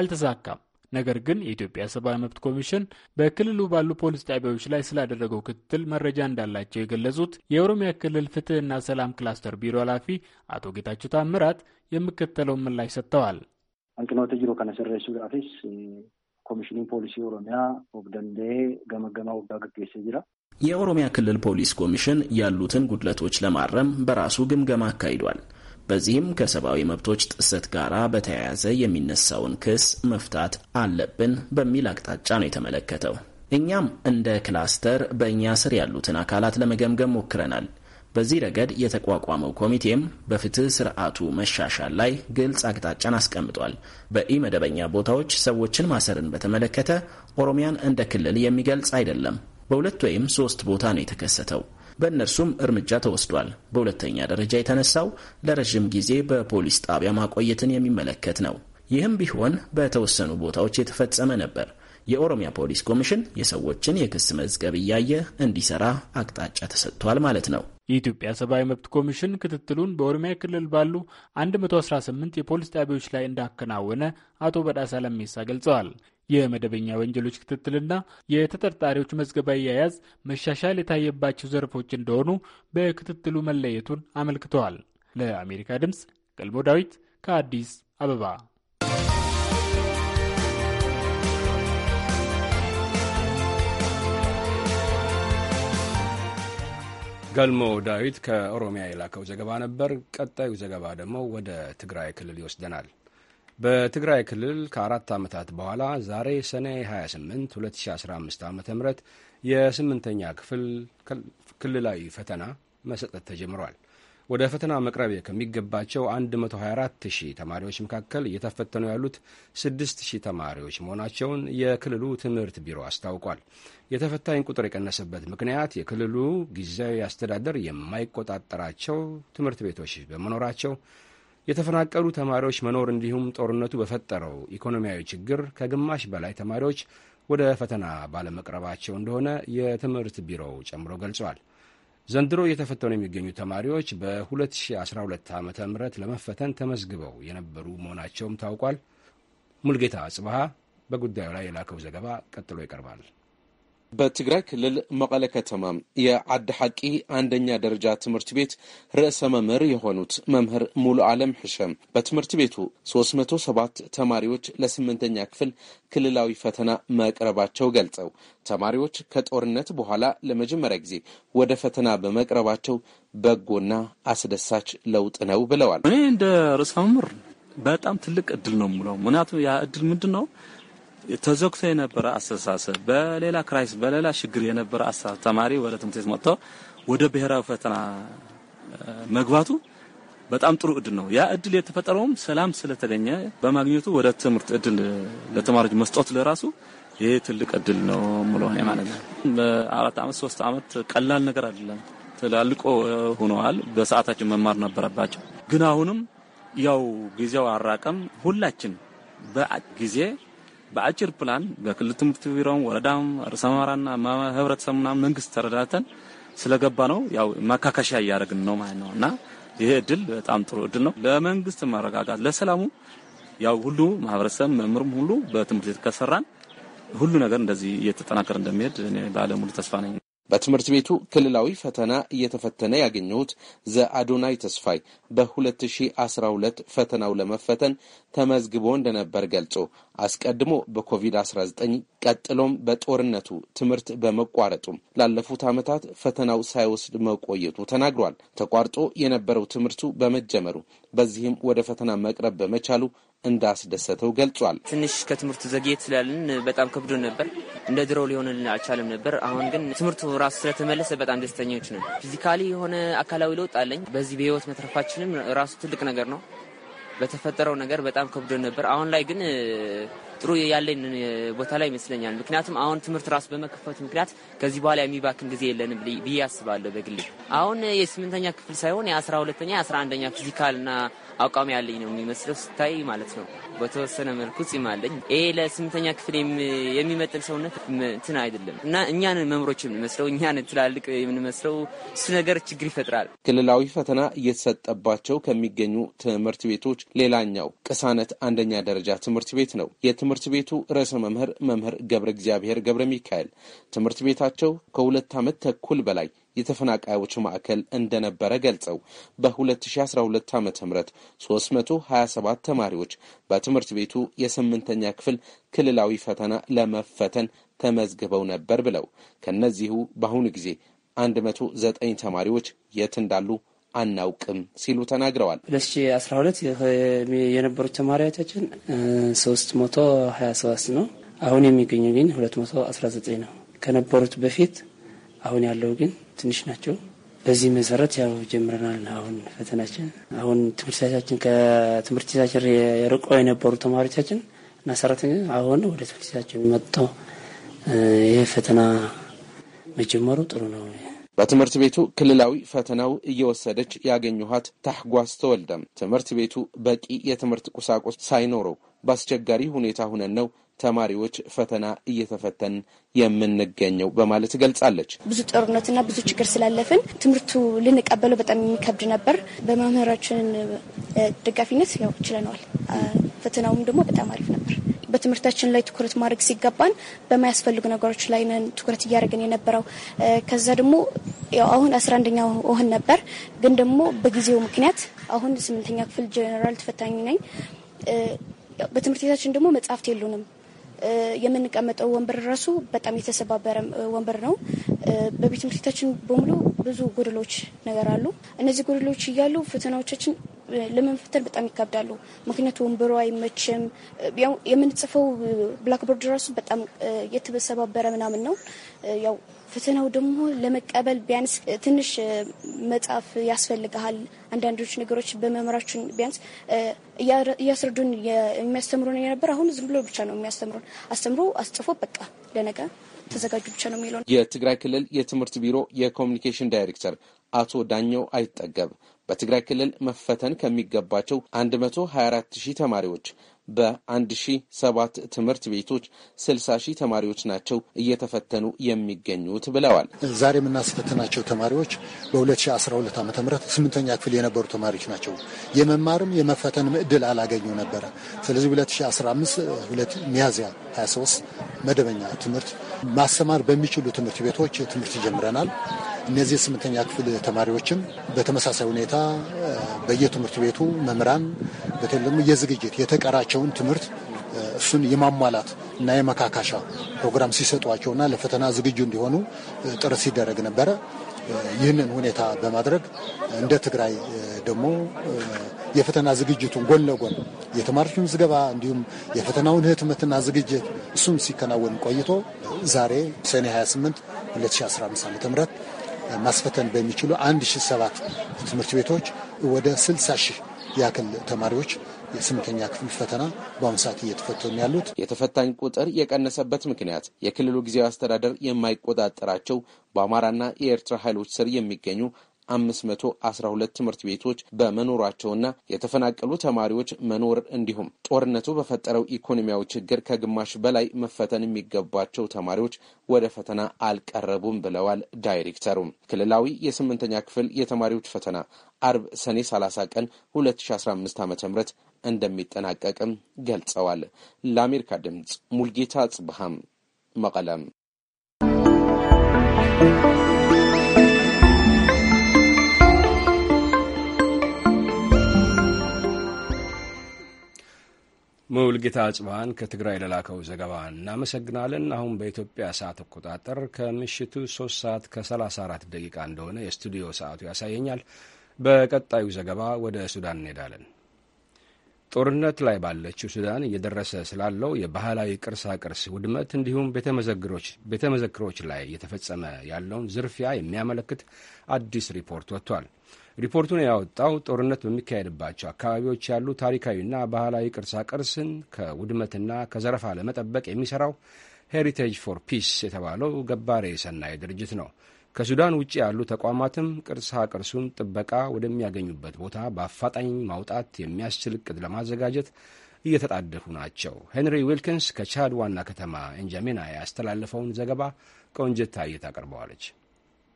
አልተሳካም። ነገር ግን የኢትዮጵያ ሰብአዊ መብት ኮሚሽን በክልሉ ባሉ ፖሊስ ጣቢያዎች ላይ ስላደረገው ክትትል መረጃ እንዳላቸው የገለጹት የኦሮሚያ ክልል ፍትህና ሰላም ክላስተር ቢሮ ኃላፊ አቶ ጌታቸው ታምራት የሚከተለውን ምላሽ ሰጥተዋል። hanqinoota jiru kana sirreessuudhaafis ኮሚሽኒን poolisii oromiyaa of-danda'ee gama guddaa gaggeessaa jira. የኦሮሚያ ክልል ፖሊስ ኮሚሽን ያሉትን ጉድለቶች ለማረም በራሱ ግምገማ አካሂዷል። በዚህም ከሰብአዊ መብቶች ጥሰት ጋር በተያያዘ የሚነሳውን ክስ መፍታት አለብን በሚል አቅጣጫ ነው የተመለከተው። እኛም እንደ ክላስተር በእኛ ስር ያሉትን አካላት ለመገምገም ሞክረናል። በዚህ ረገድ የተቋቋመው ኮሚቴም በፍትህ ስርዓቱ መሻሻል ላይ ግልጽ አቅጣጫን አስቀምጧል። በኢመደበኛ ቦታዎች ሰዎችን ማሰርን በተመለከተ ኦሮሚያን እንደ ክልል የሚገልጽ አይደለም። በሁለት ወይም ሶስት ቦታ ነው የተከሰተው። በእነርሱም እርምጃ ተወስዷል። በሁለተኛ ደረጃ የተነሳው ለረዥም ጊዜ በፖሊስ ጣቢያ ማቆየትን የሚመለከት ነው። ይህም ቢሆን በተወሰኑ ቦታዎች የተፈጸመ ነበር። የኦሮሚያ ፖሊስ ኮሚሽን የሰዎችን የክስ መዝገብ እያየ እንዲሰራ አቅጣጫ ተሰጥቷል ማለት ነው። የኢትዮጵያ ሰብአዊ መብት ኮሚሽን ክትትሉን በኦሮሚያ ክልል ባሉ 118 የፖሊስ ጣቢያዎች ላይ እንዳከናወነ አቶ በዳሳ ለሜሳ ገልጸዋል። የመደበኛ ወንጀሎች ክትትልና የተጠርጣሪዎች መዝገብ አያያዝ መሻሻል የታየባቸው ዘርፎች እንደሆኑ በክትትሉ መለየቱን አመልክተዋል። ለአሜሪካ ድምፅ ገልሞ ዳዊት ከአዲስ አበባ ገልሞ ዳዊት ከኦሮሚያ የላከው ዘገባ ነበር። ቀጣዩ ዘገባ ደግሞ ወደ ትግራይ ክልል ይወስደናል። በትግራይ ክልል ከአራት ዓመታት በኋላ ዛሬ ሰኔ 28 2015 ዓ ም የስምንተኛ ክፍል ክልላዊ ፈተና መሰጠት ተጀምሯል። ወደ ፈተና መቅረብ ከሚገባቸው 124 ሺህ ተማሪዎች መካከል እየተፈተኑ ያሉት 6 ሺህ ተማሪዎች መሆናቸውን የክልሉ ትምህርት ቢሮ አስታውቋል። የተፈታኝ ቁጥር የቀነሰበት ምክንያት የክልሉ ጊዜያዊ አስተዳደር የማይቆጣጠራቸው ትምህርት ቤቶች በመኖራቸው የተፈናቀሉ ተማሪዎች መኖር እንዲሁም ጦርነቱ በፈጠረው ኢኮኖሚያዊ ችግር ከግማሽ በላይ ተማሪዎች ወደ ፈተና ባለመቅረባቸው እንደሆነ የትምህርት ቢሮው ጨምሮ ገልጿል። ዘንድሮ እየተፈተኑ የሚገኙ ተማሪዎች በ2012 ዓ ም ለመፈተን ተመዝግበው የነበሩ መሆናቸውም ታውቋል። ሙልጌታ ጽብሃ በጉዳዩ ላይ የላከው ዘገባ ቀጥሎ ይቀርባል። በትግራይ ክልል መቀለ ከተማ የዓዲ ሓቂ አንደኛ ደረጃ ትምህርት ቤት ርዕሰ መምህር የሆኑት መምህር ሙሉ ዓለም ሕሸም በትምህርት ቤቱ 307 ተማሪዎች ለስምንተኛ ክፍል ክልላዊ ፈተና መቅረባቸው ገልጸው ተማሪዎች ከጦርነት በኋላ ለመጀመሪያ ጊዜ ወደ ፈተና በመቅረባቸው በጎና አስደሳች ለውጥ ነው ብለዋል። እኔ እንደ ርዕሰ መምህር በጣም ትልቅ እድል ነው የምለው። ምክንያቱም ያ እድል ምንድን ነው ተዘግቶ የነበረ አስተሳሰብ፣ በሌላ ክራይስ፣ በሌላ ችግር የነበረ አስተሳሰብ ተማሪ ወደ ትምህርት ቤት መጥቶ ወደ ብሔራዊ ፈተና መግባቱ በጣም ጥሩ እድል ነው። ያ እድል የተፈጠረውም ሰላም ስለተገኘ በማግኘቱ ወደ ትምህርት እድል ለተማሪዎች መስጠት ለራሱ ይሄ ትልቅ እድል ነው ሙሉ ማለት ነው። አራት ዓመት ሶስት ዓመት ቀላል ነገር አይደለም። ትላልቆ ሆነዋል። በሰዓታችን መማር ነበረባቸው። ግን አሁንም ያው ጊዜው አራቀም። ሁላችን በጊዜ በአጭር ፕላን በክልል ትምህርት ቢሮም ወረዳም ርዕሰ መምህራንና ህብረተሰቡና መንግስት ተረዳተን ስለገባ ነው ያው ማካካሻ እያደረግን ነው ማለት ነው። እና ይሄ እድል በጣም ጥሩ እድል ነው ለመንግስት መረጋጋት፣ ለሰላሙ ያው ሁሉ ማህበረሰብ መምህርም ሁሉ በትምህርት ቤት ከሰራን ሁሉ ነገር እንደዚህ እየተጠናከረ እንደሚሄድ እኔ ባለሙሉ ተስፋ ነኝ። በትምህርት ቤቱ ክልላዊ ፈተና እየተፈተነ ያገኘሁት ዘአዶናይ ተስፋይ በ2012 ፈተናው ለመፈተን ተመዝግቦ እንደነበር ገልጾ አስቀድሞ በኮቪድ-19 ቀጥሎም በጦርነቱ ትምህርት በመቋረጡም ላለፉት ዓመታት ፈተናው ሳይወስድ መቆየቱ ተናግሯል። ተቋርጦ የነበረው ትምህርቱ በመጀመሩ በዚህም ወደ ፈተና መቅረብ በመቻሉ እንዳስደሰተው ገልጿል። ትንሽ ከትምህርቱ ዘግየት ስላለን በጣም ከብዶ ነበር። እንደ ድሮው ሊሆንልን አልቻለም ነበር። አሁን ግን ትምህርቱ ራሱ ስለተመለሰ በጣም ደስተኞች ነን። ፊዚካሊ የሆነ አካላዊ ለውጥ አለኝ። በዚህ በህይወት መትረፋችንም ራሱ ትልቅ ነገር ነው። በተፈጠረው ነገር በጣም ከብዶ ነበር። አሁን ላይ ግን ጥሩ ያለን ቦታ ላይ ይመስለኛል። ምክንያቱም አሁን ትምህርት ራሱ በመከፈቱ ምክንያት ከዚህ በኋላ የሚባክን ጊዜ የለንም ብዬ አስባለሁ። በግሌ አሁን የስምንተኛ ክፍል ሳይሆን የአስራ ሁለተኛ የአስራ አንደኛ ፊዚካልና አቋም ያለኝ ነው የሚመስለው ስታይ ማለት ነው። በተወሰነ መልኩ ጺም አለኝ። ይሄ ለስምንተኛ ክፍል የሚመጥን ሰውነት እንትን አይደለም እና እኛን መምሮች የምንመስለው እኛን ትላልቅ የምንመስለው እሱ ነገር ችግር ይፈጥራል። ክልላዊ ፈተና እየተሰጠባቸው ከሚገኙ ትምህርት ቤቶች ሌላኛው ቅሳነት አንደኛ ደረጃ ትምህርት ቤት ነው። የትምህርት ቤቱ ርዕሰ መምህር መምህር ገብረ እግዚአብሔር ገብረ ሚካኤል ትምህርት ቤታቸው ከሁለት ዓመት ተኩል በላይ የተፈናቃዮች ማዕከል እንደነበረ ገልጸው በ2012 ዓ ም 327 ተማሪዎች በትምህርት ቤቱ የስምንተኛ ክፍል ክልላዊ ፈተና ለመፈተን ተመዝግበው ነበር ብለው ከእነዚሁ በአሁኑ ጊዜ 109 ተማሪዎች የት እንዳሉ አናውቅም ሲሉ ተናግረዋል። 12 የነበሩት ተማሪዎቻችን 327 ነው። አሁን የሚገኙ ግን 219 ነው ከነበሩት በፊት አሁን ያለው ግን ትንሽ ናቸው። በዚህ መሰረት ያው ጀምረናል። አሁን ፈተናችን አሁን ትምህርታችን ከትምህርት ቤታችን የርቆ የነበሩ ተማሪዎቻችን እና ሰራተኛ አሁን ወደ ትምህርት ቤታቸው መጥተው ይህ ፈተና መጀመሩ ጥሩ ነው። በትምህርት ቤቱ ክልላዊ ፈተናው እየወሰደች ያገኘኋት ታህጓስ ተወልደም ትምህርት ቤቱ በቂ የትምህርት ቁሳቁስ ሳይኖረው በአስቸጋሪ ሁኔታ ሁነን ነው ተማሪዎች ፈተና እየተፈተን የምንገኘው በማለት ገልጻለች። ብዙ ጦርነትና ብዙ ችግር ስላለፍን ትምህርቱ ልንቀበለው በጣም የሚከብድ ነበር። በመምህራችን ደጋፊነት ያው ችለነዋል። ፈተናውም ደግሞ በጣም አሪፍ ነበር። በትምህርታችን ላይ ትኩረት ማድረግ ሲገባን በማያስፈልጉ ነገሮች ላይ ነን ትኩረት እያደረግን የነበረው። ከዛ ደግሞ ያው አሁን አስራ አንደኛ ሆን ነበር፣ ግን ደግሞ በጊዜው ምክንያት አሁን ስምንተኛ ክፍል ጀኔራል ተፈታኝ ነኝ። በትምህርት ቤታችን ደግሞ መጽሐፍት የሉንም። የምንቀመጠው ወንበር ራሱ በጣም የተሰባበረ ወንበር ነው። በቤት ምክር ቤታችን በሙሉ ብዙ ጎድሎች ነገር አሉ። እነዚህ ጉድሎች እያሉ ፈተናዎቻችን ለመፈተን በጣም ይከብዳሉ። ምክንያቱ ወንበሩ አይመችም። የምንጽፈው ብላክቦርድ ራሱ በጣም የተሰባበረ ምናምን ነው ያው ፈተናው ደግሞ ለመቀበል ቢያንስ ትንሽ መጻፍ ያስፈልግሃል። አንዳንዶች ነገሮች በመምህራችን ቢያንስ እያስረዱን የሚያስተምሩን የነበር አሁን ዝም ብሎ ብቻ ነው የሚያስተምሩን። አስተምሮ አስጽፎ በቃ ለነገ ተዘጋጁ ብቻ ነው የሚለው። የትግራይ ክልል የትምህርት ቢሮ የኮሚኒኬሽን ዳይሬክተር አቶ ዳኘው አይጠገብ በትግራይ ክልል መፈተን ከሚገባቸው 124 ሺህ ተማሪዎች በ1007 ትምህርት ቤቶች 60 ሺህ ተማሪዎች ናቸው እየተፈተኑ የሚገኙት ብለዋል። ዛሬ የምናስፈትናቸው ተማሪዎች በ2012 ዓ ም ስምንተኛ ክፍል የነበሩ ተማሪዎች ናቸው። የመማርም የመፈተንም እድል አላገኙ ነበረ። ስለዚህ 2015 ሚያዝያ 23 መደበኛ ትምህርት ማሰማር በሚችሉ ትምህርት ቤቶች ትምህርት ጀምረናል። እነዚህ የስምንተኛ ክፍል ተማሪዎችም በተመሳሳይ ሁኔታ በየትምህርት ቤቱ መምህራን በተለይ ደግሞ የዝግጅት የተቀራቸውን ትምህርት እሱን የማሟላት እና የመካካሻ ፕሮግራም ሲሰጧቸውና ለፈተና ዝግጁ እንዲሆኑ ጥረት ሲደረግ ነበረ። ይህንን ሁኔታ በማድረግ እንደ ትግራይ ደግሞ የፈተና ዝግጅቱን ጎን ለጎን የተማሪዎችን ምዝገባ እንዲሁም የፈተናውን ህትመትና ዝግጅት እሱም ሲከናወን ቆይቶ ዛሬ ሰኔ 28 2015 ዓ ም ማስፈተን በሚችሉ 1007 ትምህርት ቤቶች ወደ 60 ሺህ ያክል ተማሪዎች የስምንተኛ ክፍል ፈተና በአሁኑ ሰዓት እየተፈተኑ ያሉት። የተፈታኝ ቁጥር የቀነሰበት ምክንያት የክልሉ ጊዜያዊ አስተዳደር የማይቆጣጠራቸው በአማራና የኤርትራ ኃይሎች ስር የሚገኙ አምስት መቶ አስራ ሁለት ትምህርት ቤቶች በመኖራቸውና የተፈናቀሉ ተማሪዎች መኖር እንዲሁም ጦርነቱ በፈጠረው ኢኮኖሚያዊ ችግር ከግማሽ በላይ መፈተን የሚገባቸው ተማሪዎች ወደ ፈተና አልቀረቡም ብለዋል ዳይሬክተሩም። ክልላዊ የስምንተኛ ክፍል የተማሪዎች ፈተና አርብ ሰኔ 30 ቀን 2015 ዓ ም እንደሚጠናቀቅም ገልጸዋል። ለአሜሪካ ድምፅ ሙልጌታ ጽብሃም መቀለም ሙልጌታ አጽባን ከትግራይ ለላከው ዘገባ እናመሰግናለን። አሁን በኢትዮጵያ ሰዓት አቆጣጠር ከምሽቱ 3 ሰዓት ከ34 ደቂቃ እንደሆነ የስቱዲዮ ሰዓቱ ያሳየኛል። በቀጣዩ ዘገባ ወደ ሱዳን እንሄዳለን። ጦርነት ላይ ባለችው ሱዳን እየደረሰ ስላለው የባህላዊ ቅርሳ ቅርስ ውድመት እንዲሁም ቤተመዘክሮች ላይ እየተፈጸመ ያለውን ዝርፊያ የሚያመለክት አዲስ ሪፖርት ወጥቷል። ሪፖርቱን ያወጣው ጦርነት በሚካሄድባቸው አካባቢዎች ያሉ ታሪካዊና ባህላዊ ቅርሳቅርስን ከውድመትና ከዘረፋ ለመጠበቅ የሚሰራው ሄሪቴጅ ፎር ፒስ የተባለው ገባሬ ሰናይ ድርጅት ነው። ከሱዳን ውጭ ያሉ ተቋማትም ቅርሳ ቅርሱን ጥበቃ ወደሚያገኙበት ቦታ በአፋጣኝ ማውጣት የሚያስችል እቅድ ለማዘጋጀት እየተጣደፉ ናቸው። ሄንሪ ዊልኪንስ ከቻድ ዋና ከተማ ኤንጃሜና ያስተላለፈውን ዘገባ ቆንጅት ታየ ታቀርበዋለች።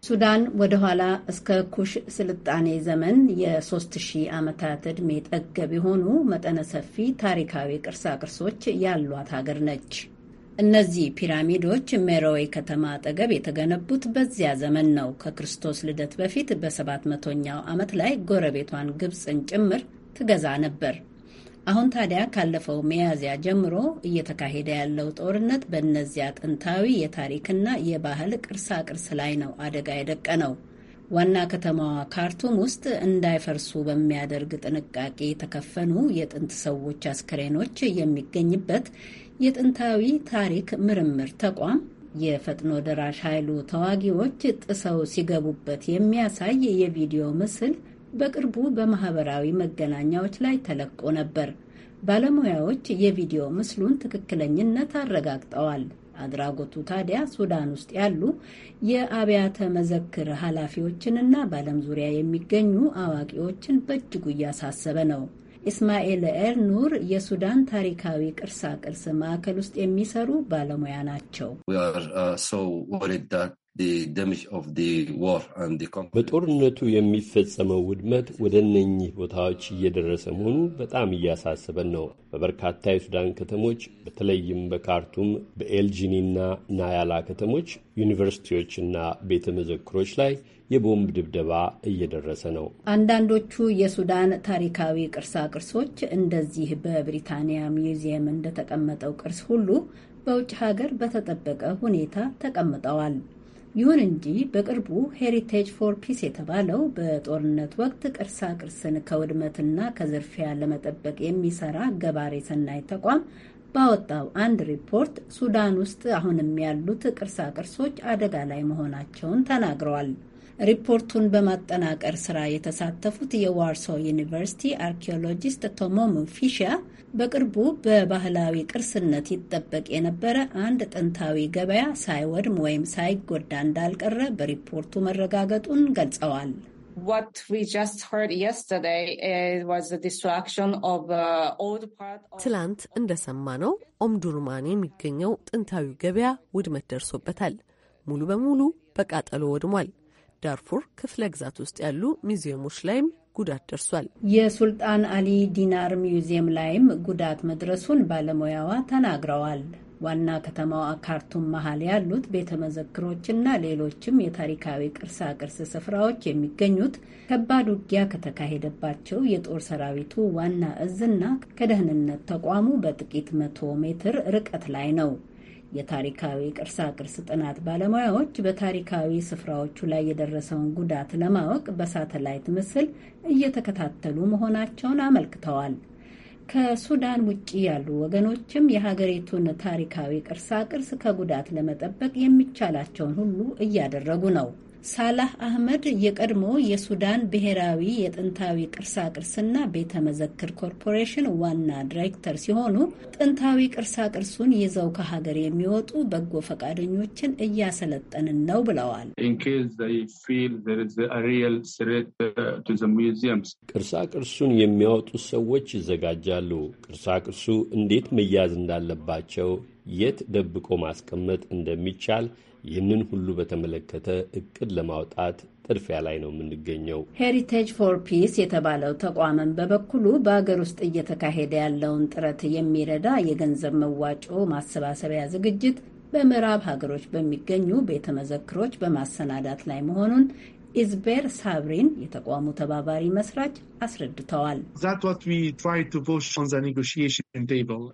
ሱዳን ወደ ኋላ እስከ ኩሽ ስልጣኔ ዘመን የሦስት ሺህ ዓመታት ዕድሜ ጠገብ የሆኑ መጠነ ሰፊ ታሪካዊ ቅርሳቅርሶች ያሏት ሀገር ነች። እነዚህ ፒራሚዶች ሜሮዌ ከተማ አጠገብ የተገነቡት በዚያ ዘመን ነው። ከክርስቶስ ልደት በፊት በሰባት መቶኛው ዓመት ላይ ጎረቤቷን ግብፅን ጭምር ትገዛ ነበር። አሁን ታዲያ ካለፈው ሚያዝያ ጀምሮ እየተካሄደ ያለው ጦርነት በእነዚያ ጥንታዊ የታሪክና የባህል ቅርሳቅርስ ላይ ነው አደጋ የደቀነው። ዋና ከተማዋ ካርቱም ውስጥ እንዳይፈርሱ በሚያደርግ ጥንቃቄ የተከፈኑ የጥንት ሰዎች አስክሬኖች የሚገኝበት የጥንታዊ ታሪክ ምርምር ተቋም የፈጥኖ ደራሽ ኃይሉ ተዋጊዎች ጥሰው ሲገቡበት የሚያሳይ የቪዲዮ ምስል በቅርቡ በማህበራዊ መገናኛዎች ላይ ተለቆ ነበር። ባለሙያዎች የቪዲዮ ምስሉን ትክክለኝነት አረጋግጠዋል። አድራጎቱ ታዲያ ሱዳን ውስጥ ያሉ የአብያተ መዘክር ኃላፊዎችንና በዓለም ዙሪያ የሚገኙ አዋቂዎችን በእጅጉ እያሳሰበ ነው። ኢስማኤል ኤል ኑር የሱዳን ታሪካዊ ቅርሳ ቅርስ ማዕከል ውስጥ የሚሰሩ ባለሙያ ናቸው። በጦርነቱ የሚፈጸመው ውድመት ወደ እነኚህ ቦታዎች እየደረሰ መሆኑ በጣም እያሳሰበን ነው። በበርካታ የሱዳን ከተሞች በተለይም በካርቱም በኤልጂኒና ናያላ ከተሞች ዩኒቨርሲቲዎችና ቤተ መዘክሮች ላይ የቦምብ ድብደባ እየደረሰ ነው። አንዳንዶቹ የሱዳን ታሪካዊ ቅርሳ ቅርሶች እንደዚህ በብሪታንያ ሚውዚየም እንደተቀመጠው ቅርስ ሁሉ በውጭ ሀገር በተጠበቀ ሁኔታ ተቀምጠዋል። ይሁን እንጂ በቅርቡ ሄሪቴጅ ፎር ፒስ የተባለው በጦርነት ወቅት ቅርሳ ቅርስን ከውድመትና ከዝርፊያ ለመጠበቅ የሚሰራ ገባሬ ሰናይ ተቋም ባወጣው አንድ ሪፖርት ሱዳን ውስጥ አሁንም ያሉት ቅርሳ ቅርሶች አደጋ ላይ መሆናቸውን ተናግረዋል። ሪፖርቱን በማጠናቀር ስራ የተሳተፉት የዋርሶ ዩኒቨርሲቲ አርኪኦሎጂስት ቶሞም ፊሽያ በቅርቡ በባህላዊ ቅርስነት ይጠበቅ የነበረ አንድ ጥንታዊ ገበያ ሳይወድም ወይም ሳይጎዳ እንዳልቀረ በሪፖርቱ መረጋገጡን ገልጸዋል። uh, ትላንት እንደሰማነው ኦምዱርማን የሚገኘው ጥንታዊ ገበያ ውድመት ደርሶበታል። ሙሉ በሙሉ በቃጠሎ ወድሟል። ዳርፉር ክፍለ ግዛት ውስጥ ያሉ ሙዚየሞች ላይም ጉዳት ደርሷል። የሱልጣን አሊ ዲናር ሚውዚየም ላይም ጉዳት መድረሱን ባለሙያዋ ተናግረዋል። ዋና ከተማዋ ካርቱም መሀል ያሉት ቤተ መዘክሮችና ሌሎችም የታሪካዊ ቅርሳ ቅርስ ስፍራዎች የሚገኙት ከባድ ውጊያ ከተካሄደባቸው የጦር ሰራዊቱ ዋና እዝና ከደህንነት ተቋሙ በጥቂት መቶ ሜትር ርቀት ላይ ነው። የታሪካዊ ቅርሳቅርስ ጥናት ባለሙያዎች በታሪካዊ ስፍራዎቹ ላይ የደረሰውን ጉዳት ለማወቅ በሳተላይት ምስል እየተከታተሉ መሆናቸውን አመልክተዋል። ከሱዳን ውጭ ያሉ ወገኖችም የሀገሪቱን ታሪካዊ ቅርሳቅርስ ከጉዳት ለመጠበቅ የሚቻላቸውን ሁሉ እያደረጉ ነው። ሳላህ አህመድ የቀድሞ የሱዳን ብሔራዊ የጥንታዊ ቅርሳቅርስና ቤተ መዘክር ኮርፖሬሽን ዋና ዲሬክተር ሲሆኑ ጥንታዊ ቅርሳቅርሱን ይዘው ከሀገር የሚወጡ በጎ ፈቃደኞችን እያሰለጠንን ነው ብለዋል። ቅርሳቅርሱን የሚያወጡ ሰዎች ይዘጋጃሉ። ቅርሳቅርሱ እንዴት መያዝ እንዳለባቸው፣ የት ደብቆ ማስቀመጥ እንደሚቻል ይህንን ሁሉ በተመለከተ እቅድ ለማውጣት ጥድፊያ ላይ ነው የምንገኘው። ሄሪቴጅ ፎር ፒስ የተባለው ተቋምን በበኩሉ በአገር ውስጥ እየተካሄደ ያለውን ጥረት የሚረዳ የገንዘብ መዋጮ ማሰባሰቢያ ዝግጅት በምዕራብ ሀገሮች በሚገኙ ቤተ መዘክሮች በማሰናዳት ላይ መሆኑን ኢዝቤር ሳብሪን የተቋሙ ተባባሪ መስራች አስረድተዋል።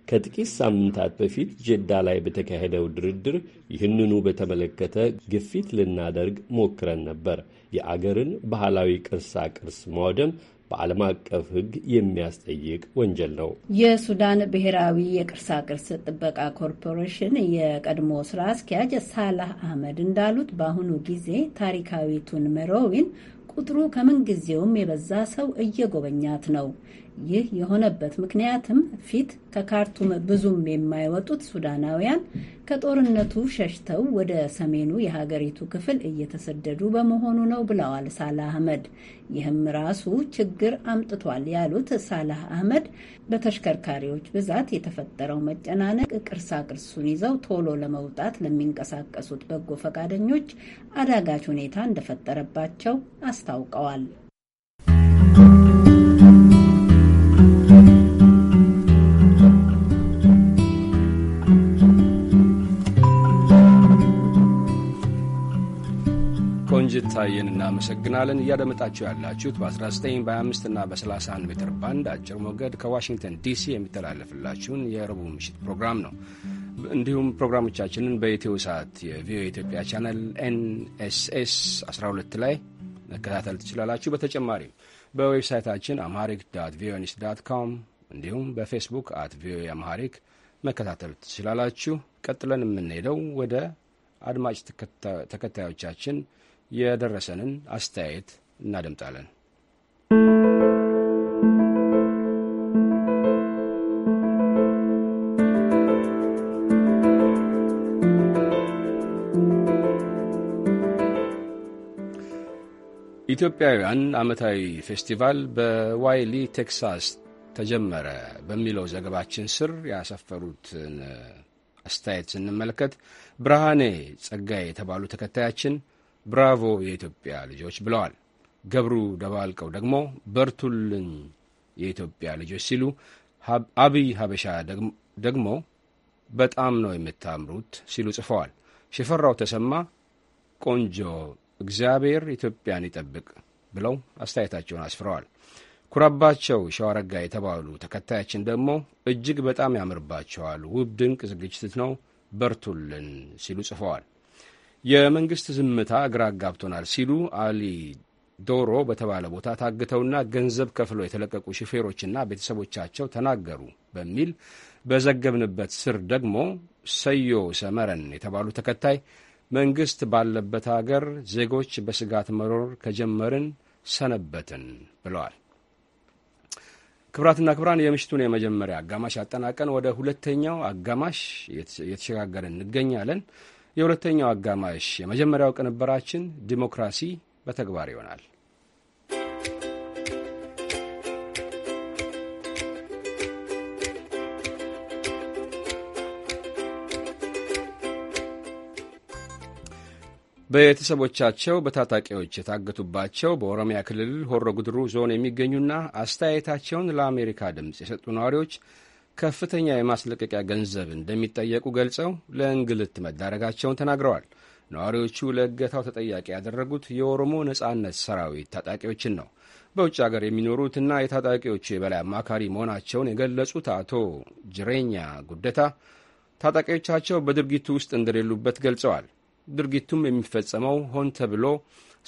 ከጥቂት ሳምንታት በፊት ጀዳ ላይ በተካሄደው ድርድር ይህንኑ በተመለከተ ግፊት ልናደርግ ሞክረን ነበር። የአገርን ባህላዊ ቅርሳ ቅርስ ማውደም በዓለም አቀፍ ሕግ የሚያስጠይቅ ወንጀል ነው። የሱዳን ብሔራዊ የቅርሳቅርስ ጥበቃ ኮርፖሬሽን የቀድሞ ስራ አስኪያጅ ሳላህ አህመድ እንዳሉት በአሁኑ ጊዜ ታሪካዊቱን መሮዊን ቁጥሩ ከምንጊዜውም የበዛ ሰው እየጎበኛት ነው። ይህ የሆነበት ምክንያትም ፊት ከካርቱም ብዙም የማይወጡት ሱዳናውያን ከጦርነቱ ሸሽተው ወደ ሰሜኑ የሀገሪቱ ክፍል እየተሰደዱ በመሆኑ ነው ብለዋል ሳላህ አህመድ። ይህም ራሱ ችግር አምጥቷል ያሉት ሳላህ አህመድ በተሽከርካሪዎች ብዛት የተፈጠረው መጨናነቅ ቅርሳ ቅርሱን ይዘው ቶሎ ለመውጣት ለሚንቀሳቀሱት በጎ ፈቃደኞች አዳጋች ሁኔታ እንደፈጠረባቸው አስታውቀዋል። ቆንጅት ታየን እናመሰግናለን። እያደመጣችሁ ያላችሁት በ19 በ25 እና በ31 ሜትር ባንድ አጭር ሞገድ ከዋሽንግተን ዲሲ የሚተላለፍላችሁን የረቡ ምሽት ፕሮግራም ነው። እንዲሁም ፕሮግራሞቻችንን በኢትዮ ሰዓት የቪኦኤ ኢትዮጵያ ቻናል ኤንኤስኤስ 12 ላይ መከታተል ትችላላችሁ። በተጨማሪም በዌብሳይታችን አማሪክ ዳት ቪኦኤ ኒውስ ዳት እንዲሁም በፌስቡክ አት ቪኦኤ አማሪክ መከታተል ትችላላችሁ። ቀጥለን የምንሄደው ወደ አድማጭ ተከታዮቻችን የደረሰንን አስተያየት እናደምጣለን። ኢትዮጵያውያን ዓመታዊ ፌስቲቫል በዋይሊ ቴክሳስ ተጀመረ በሚለው ዘገባችን ስር ያሰፈሩትን አስተያየት ስንመለከት ብርሃኔ ጸጋዬ የተባሉ ተከታያችን ብራቮ የኢትዮጵያ ልጆች ብለዋል። ገብሩ ደባልቀው ደግሞ በርቱልኝ የኢትዮጵያ ልጆች ሲሉ፣ አብይ ሀበሻ ደግሞ በጣም ነው የምታምሩት ሲሉ ጽፈዋል። ሽፈራው ተሰማ ቆንጆ እግዚአብሔር ኢትዮጵያን ይጠብቅ ብለው አስተያየታቸውን አስፍረዋል። ኩራባቸው ሸዋረጋ የተባሉ ተከታያችን ደግሞ እጅግ በጣም ያምርባቸዋል፣ ውብ ድንቅ ዝግጅት ነው፣ በርቱልን ሲሉ ጽፈዋል። የመንግስት ዝምታ ግራ አጋብቶናል ሲሉ አሊ ዶሮ በተባለ ቦታ ታግተውና ገንዘብ ከፍለው የተለቀቁ ሹፌሮችና ቤተሰቦቻቸው ተናገሩ በሚል በዘገብንበት ስር ደግሞ ሰዮ ሰመረን የተባሉ ተከታይ መንግስት ባለበት አገር ዜጎች በስጋት መኖር ከጀመርን ሰነበትን ብለዋል። ክብራትና ክብራን የምሽቱን የመጀመሪያ አጋማሽ አጠናቀን ወደ ሁለተኛው አጋማሽ እየተሸጋገርን እንገኛለን። የሁለተኛው አጋማሽ የመጀመሪያው ቅንብራችን ዲሞክራሲ በተግባር ይሆናል። ቤተሰቦቻቸው በታጣቂዎች የታገቱባቸው በኦሮሚያ ክልል ሆሮ ጉድሩ ዞን የሚገኙና አስተያየታቸውን ለአሜሪካ ድምፅ የሰጡ ነዋሪዎች ከፍተኛ የማስለቀቂያ ገንዘብ እንደሚጠየቁ ገልጸው ለእንግልት መዳረጋቸውን ተናግረዋል። ነዋሪዎቹ ለእገታው ተጠያቂ ያደረጉት የኦሮሞ ነጻነት ሰራዊት ታጣቂዎችን ነው። በውጭ ሀገር የሚኖሩትና የታጣቂዎቹ የበላይ አማካሪ መሆናቸውን የገለጹት አቶ ጅሬኛ ጉደታ ታጣቂዎቻቸው በድርጊቱ ውስጥ እንደሌሉበት ገልጸዋል። ድርጊቱም የሚፈጸመው ሆን ተብሎ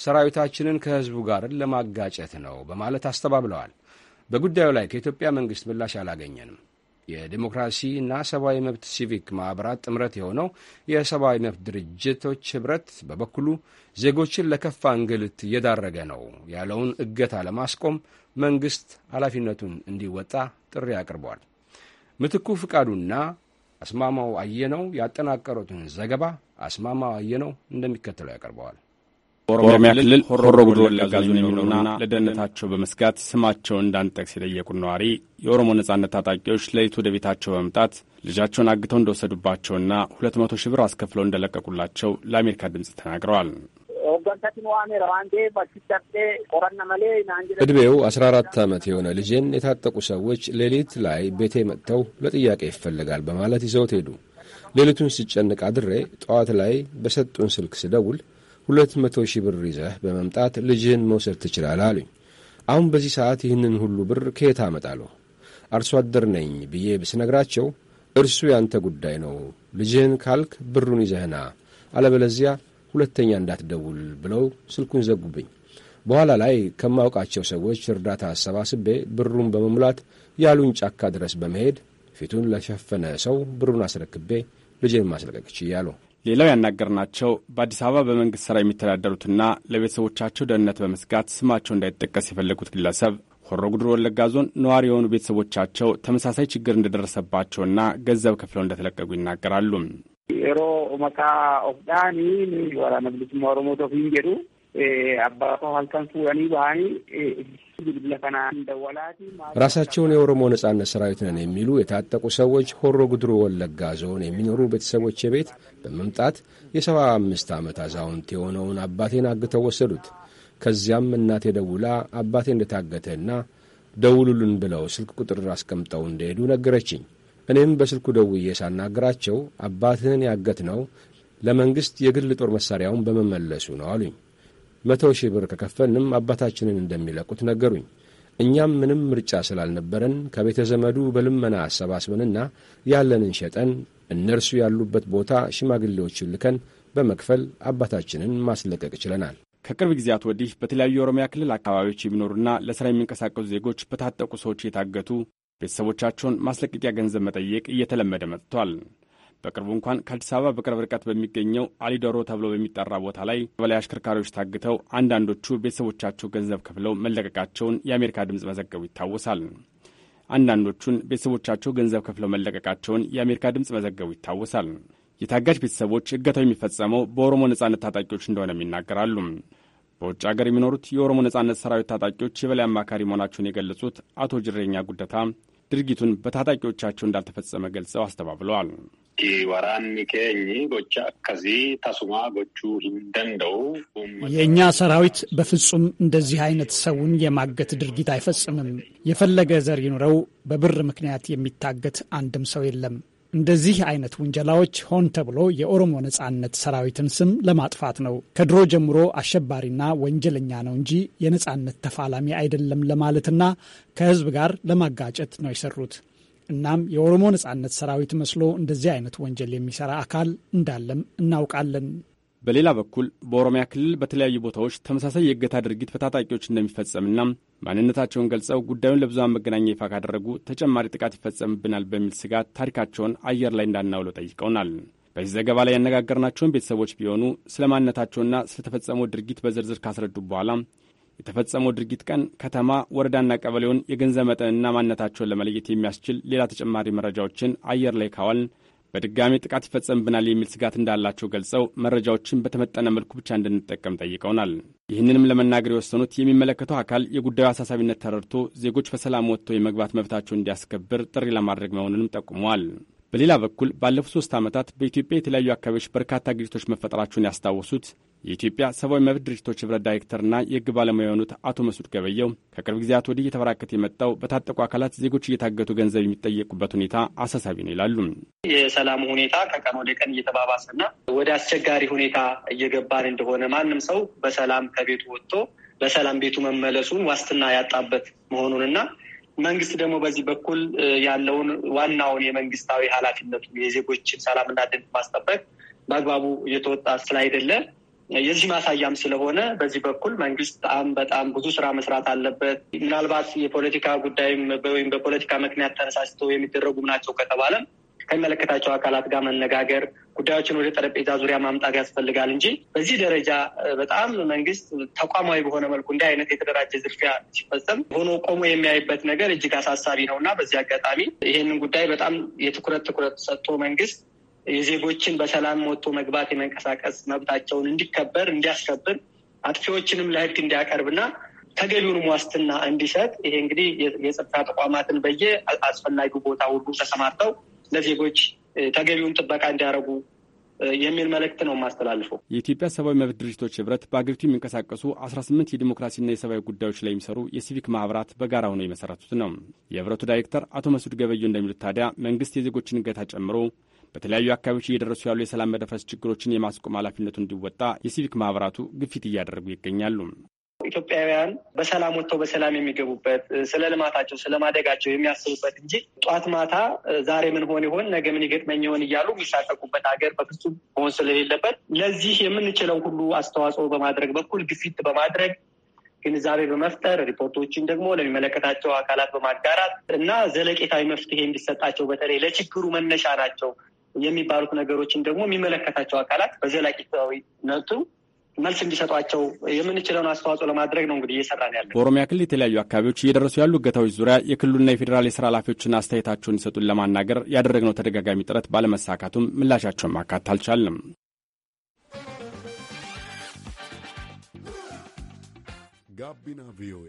ሰራዊታችንን ከህዝቡ ጋር ለማጋጨት ነው በማለት አስተባብለዋል። በጉዳዩ ላይ ከኢትዮጵያ መንግሥት ምላሽ አላገኘንም። የዲሞክራሲና ሰብአዊ መብት ሲቪክ ማኅበራት ጥምረት የሆነው የሰብአዊ መብት ድርጅቶች ኅብረት በበኩሉ ዜጎችን ለከፋ እንግልት እየዳረገ ነው ያለውን እገታ ለማስቆም መንግሥት ኃላፊነቱን እንዲወጣ ጥሪ አቅርቧል። ምትኩ ፍቃዱና አስማማው አየነው ያጠናቀሩትን ዘገባ አስማማው አየነው እንደሚከተለው ያቀርበዋል። በኦሮሚያ ክልል ሆሮ ጉድሮ ወለጋ ዞን የሚኖሩና ለደህንነታቸው በመስጋት ስማቸውን እንዳንጠቅስ የጠየቁን ነዋሪ የኦሮሞ ነጻነት ታጣቂዎች ለይቱ ወደ ቤታቸው በመምጣት ልጃቸውን አግተው እንደወሰዱባቸውና ሁለት መቶ ሺህ ብር አስከፍለው እንደለቀቁላቸው ለአሜሪካ ድምፅ ተናግረዋል። እድሜው አስራ አራት ዓመት የሆነ ልጄን የታጠቁ ሰዎች ሌሊት ላይ ቤቴ መጥተው ለጥያቄ ይፈልጋል በማለት ይዘውት ሄዱ። ሌሊቱን ስጨንቅ አድሬ ጠዋት ላይ በሰጡን ስልክ ስደውል ሁለት መቶ ሺህ ብር ይዘህ በመምጣት ልጅህን መውሰድ ትችላለህ አሉኝ። አሁን በዚህ ሰዓት ይህንን ሁሉ ብር ከየት አመጣለሁ? አርሶ አደር ነኝ ብዬ ብስነግራቸው እርሱ ያንተ ጉዳይ ነው፣ ልጅህን ካልክ ብሩን ይዘህና፣ አለበለዚያ ሁለተኛ እንዳትደውል ብለው ስልኩን ዘጉብኝ። በኋላ ላይ ከማውቃቸው ሰዎች እርዳታ አሰባስቤ ብሩን በመሙላት ያሉኝ ጫካ ድረስ በመሄድ ፊቱን ለሸፈነ ሰው ብሩን አስረክቤ ልጄን ማስለቀቅች እያለሁ ሌላው ያናገርናቸው በአዲስ አበባ በመንግሥት ሥራ የሚተዳደሩትና ለቤተሰቦቻቸው ደህንነት በመስጋት ስማቸው እንዳይጠቀስ የፈለጉት ግለሰብ ሆሮ ጉድሮ ወለጋ ዞን ነዋሪ የሆኑ ቤተሰቦቻቸው ተመሳሳይ ችግር እንደደረሰባቸውና ገንዘብ ከፍለው እንደተለቀቁ ይናገራሉ። የሮ መካ ኦፍዳኒ ወራ ነብሊት ኦሮሞቶፊን ራሳቸውን የኦሮሞ ነጻነት ሰራዊት ነን የሚሉ የታጠቁ ሰዎች ሆሮ ጉድሩ ወለጋ ዞን የሚኖሩ ቤተሰቦች ቤት በመምጣት የሰባ አምስት ዓመት አዛውንት የሆነውን አባቴን አግተው ወሰዱት። ከዚያም እናቴ ደውላ አባቴ እንደታገተና ደውሉልን ብለው ስልክ ቁጥር አስቀምጠው እንደሄዱ ነገረችኝ። እኔም በስልኩ ደውዬ ሳናግራቸው አባትህን ያገትነው ለመንግሥት የግል ጦር መሣሪያውን በመመለሱ ነው አሉኝ። መቶ ሺህ ብር ከከፈልንም አባታችንን እንደሚለቁት ነገሩኝ። እኛም ምንም ምርጫ ስላልነበረን ከቤተ ዘመዱ በልመና አሰባስበንና ያለንን ሸጠን እነርሱ ያሉበት ቦታ ሽማግሌዎችን ልከን በመክፈል አባታችንን ማስለቀቅ ችለናል። ከቅርብ ጊዜያት ወዲህ በተለያዩ የኦሮሚያ ክልል አካባቢዎች የሚኖሩና ለሥራ የሚንቀሳቀሱ ዜጎች በታጠቁ ሰዎች የታገቱ ቤተሰቦቻቸውን ማስለቀቂያ ገንዘብ መጠየቅ እየተለመደ መጥቷል። በቅርቡ እንኳን ከአዲስ አበባ በቅርብ ርቀት በሚገኘው አሊዶሮ ተብሎ በሚጠራ ቦታ ላይ በላይ አሽከርካሪዎች ታግተው አንዳንዶቹ ቤተሰቦቻቸው ገንዘብ ከፍለው መለቀቃቸውን የአሜሪካ ድምፅ መዘገቡ ይታወሳል። አንዳንዶቹን ቤተሰቦቻቸው ገንዘብ ከፍለው መለቀቃቸውን የአሜሪካ ድምፅ መዘገቡ ይታወሳል። የታጋጅ ቤተሰቦች እገታው የሚፈጸመው በኦሮሞ ነጻነት ታጣቂዎች እንደሆነም ይናገራሉ። በውጭ ሀገር የሚኖሩት የኦሮሞ ነጻነት ሰራዊት ታጣቂዎች የበላይ አማካሪ መሆናቸውን የገለጹት አቶ ጅሬኛ ጉደታ ድርጊቱን በታጣቂዎቻቸው እንዳልተፈጸመ ገልጸው አስተባብለዋል። ኬኝ ጎቻ ጎቹ የእኛ ሰራዊት በፍጹም እንደዚህ አይነት ሰውን የማገት ድርጊት አይፈጽምም። የፈለገ ዘር ይኑረው፣ በብር ምክንያት የሚታገት አንድም ሰው የለም። እንደዚህ አይነት ውንጀላዎች ሆን ተብሎ የኦሮሞ ነጻነት ሰራዊትን ስም ለማጥፋት ነው። ከድሮ ጀምሮ አሸባሪና ወንጀለኛ ነው እንጂ የነጻነት ተፋላሚ አይደለም ለማለትና ከህዝብ ጋር ለማጋጨት ነው የሰሩት። እናም የኦሮሞ ነጻነት ሰራዊት መስሎ እንደዚህ አይነት ወንጀል የሚሰራ አካል እንዳለም እናውቃለን። በሌላ በኩል በኦሮሚያ ክልል በተለያዩ ቦታዎች ተመሳሳይ የእገታ ድርጊት በታጣቂዎች እንደሚፈጸምና ማንነታቸውን ገልጸው ጉዳዩን ለብዙሃን መገናኛ ይፋ ካደረጉ ተጨማሪ ጥቃት ይፈጸምብናል በሚል ስጋት ታሪካቸውን አየር ላይ እንዳናውለው ጠይቀውናል። በዚህ ዘገባ ላይ ያነጋገርናቸውን ቤተሰቦች ቢሆኑ ስለ ማንነታቸውና ስለተፈጸመው ድርጊት በዝርዝር ካስረዱ በኋላ የተፈጸመው ድርጊት ቀን፣ ከተማ፣ ወረዳና ቀበሌውን የገንዘብ መጠንና ማንነታቸውን ለመለየት የሚያስችል ሌላ ተጨማሪ መረጃዎችን አየር ላይ ካዋል በድጋሚ ጥቃት ይፈጸምብናል የሚል ስጋት እንዳላቸው ገልጸው መረጃዎችን በተመጠነ መልኩ ብቻ እንድንጠቀም ጠይቀውናል። ይህንንም ለመናገር የወሰኑት የሚመለከተው አካል የጉዳዩ አሳሳቢነት ተረድቶ ዜጎች በሰላም ወጥቶ የመግባት መብታቸው እንዲያስከብር ጥሪ ለማድረግ መሆኑንም ጠቁመዋል። በሌላ በኩል ባለፉት ሶስት ዓመታት በኢትዮጵያ የተለያዩ አካባቢዎች በርካታ ግጭቶች መፈጠራቸውን ያስታወሱት የኢትዮጵያ ሰብአዊ መብት ድርጅቶች ህብረት ዳይሬክተርና የህግ ባለሙያ የሆኑት አቶ መስዑድ ገበየው ከቅርብ ጊዜያት ወዲህ እየተበራከተ የመጣው በታጠቁ አካላት ዜጎች እየታገቱ ገንዘብ የሚጠየቁበት ሁኔታ አሳሳቢ ነው ይላሉ። የሰላሙ ሁኔታ ከቀን ወደ ቀን እየተባባሰና ወደ አስቸጋሪ ሁኔታ እየገባን እንደሆነ ማንም ሰው በሰላም ከቤቱ ወጥቶ በሰላም ቤቱ መመለሱን ዋስትና ያጣበት መሆኑንና መንግስት ደግሞ በዚህ በኩል ያለውን ዋናውን የመንግስታዊ ኃላፊነቱ የዜጎችን ሰላምና ደንብ ማስጠበቅ በአግባቡ እየተወጣ ስላይደለ የዚህ ማሳያም ስለሆነ በዚህ በኩል መንግስት በጣም በጣም ብዙ ስራ መስራት አለበት። ምናልባት የፖለቲካ ጉዳይም ወይም በፖለቲካ ምክንያት ተነሳስተው የሚደረጉ ናቸው ከተባለም ከሚመለከታቸው አካላት ጋር መነጋገር ጉዳዮችን ወደ ጠረጴዛ ዙሪያ ማምጣት ያስፈልጋል እንጂ በዚህ ደረጃ በጣም መንግስት ተቋማዊ በሆነ መልኩ እንዲህ አይነት የተደራጀ ዝርፊያ ሲፈጸም ሆኖ ቆሞ የሚያይበት ነገር እጅግ አሳሳቢ ነው እና በዚህ አጋጣሚ ይህንን ጉዳይ በጣም የትኩረት ትኩረት ሰጥቶ መንግስት የዜጎችን በሰላም ወጥቶ መግባት የመንቀሳቀስ መብታቸውን እንዲከበር እንዲያስከብር አጥፊዎችንም ለህግ እንዲያቀርብና ተገቢውንም ዋስትና እንዲሰጥ ይሄ እንግዲህ የጸጥታ ተቋማትን በየ አስፈላጊ ቦታ ሁሉ ተሰማርተው ለዜጎች ተገቢውን ጥበቃ እንዲያደርጉ የሚል መልእክት ነው የማስተላልፈው። የኢትዮጵያ ሰብአዊ መብት ድርጅቶች ህብረት በአገሪቱ የሚንቀሳቀሱ አስራ ስምንት የዲሞክራሲና የሰብአዊ ጉዳዮች ላይ የሚሰሩ የሲቪክ ማህበራት በጋራ ሆነው የመሰረቱት ነው። የህብረቱ ዳይሬክተር አቶ መስድ ገበዩ እንደሚሉት ታዲያ መንግስት የዜጎችን እገታ ጨምሮ በተለያዩ አካባቢዎች እየደረሱ ያሉ የሰላም መደፈረስ ችግሮችን የማስቆም ኃላፊነቱ እንዲወጣ የሲቪክ ማህበራቱ ግፊት እያደረጉ ይገኛሉ። ኢትዮጵያውያን በሰላም ወጥተው በሰላም የሚገቡበት ስለ ልማታቸው ስለ ማደጋቸው የሚያስቡበት እንጂ ጧት ማታ ዛሬ ምን ሆን ይሆን ነገ ምን ይገጥመኝ ይሆን እያሉ የሚሳቀቁበት ሀገር በፍጹም መሆን ስለሌለበት ለዚህ የምንችለው ሁሉ አስተዋጽኦ በማድረግ በኩል ግፊት በማድረግ ግንዛቤ በመፍጠር ሪፖርቶችን ደግሞ ለሚመለከታቸው አካላት በማጋራት እና ዘለቄታዊ መፍትሄ እንዲሰጣቸው በተለይ ለችግሩ መነሻ ናቸው የሚባሉት ነገሮችን ደግሞ የሚመለከታቸው አካላት በዘላቂነቱ መልስ እንዲሰጧቸው የምንችለውን አስተዋጽኦ ለማድረግ ነው እንግዲህ እየሰራ ያለ። በኦሮሚያ ክልል የተለያዩ አካባቢዎች እየደረሱ ያሉ እገታዎች ዙሪያ የክልሉና የፌዴራል የስራ ኃላፊዎችን አስተያየታቸውን ይሰጡን ለማናገር ያደረግነው ተደጋጋሚ ጥረት ባለመሳካቱም ምላሻቸውን ማካት አልቻልንም። ጋቢና ቪኦኤ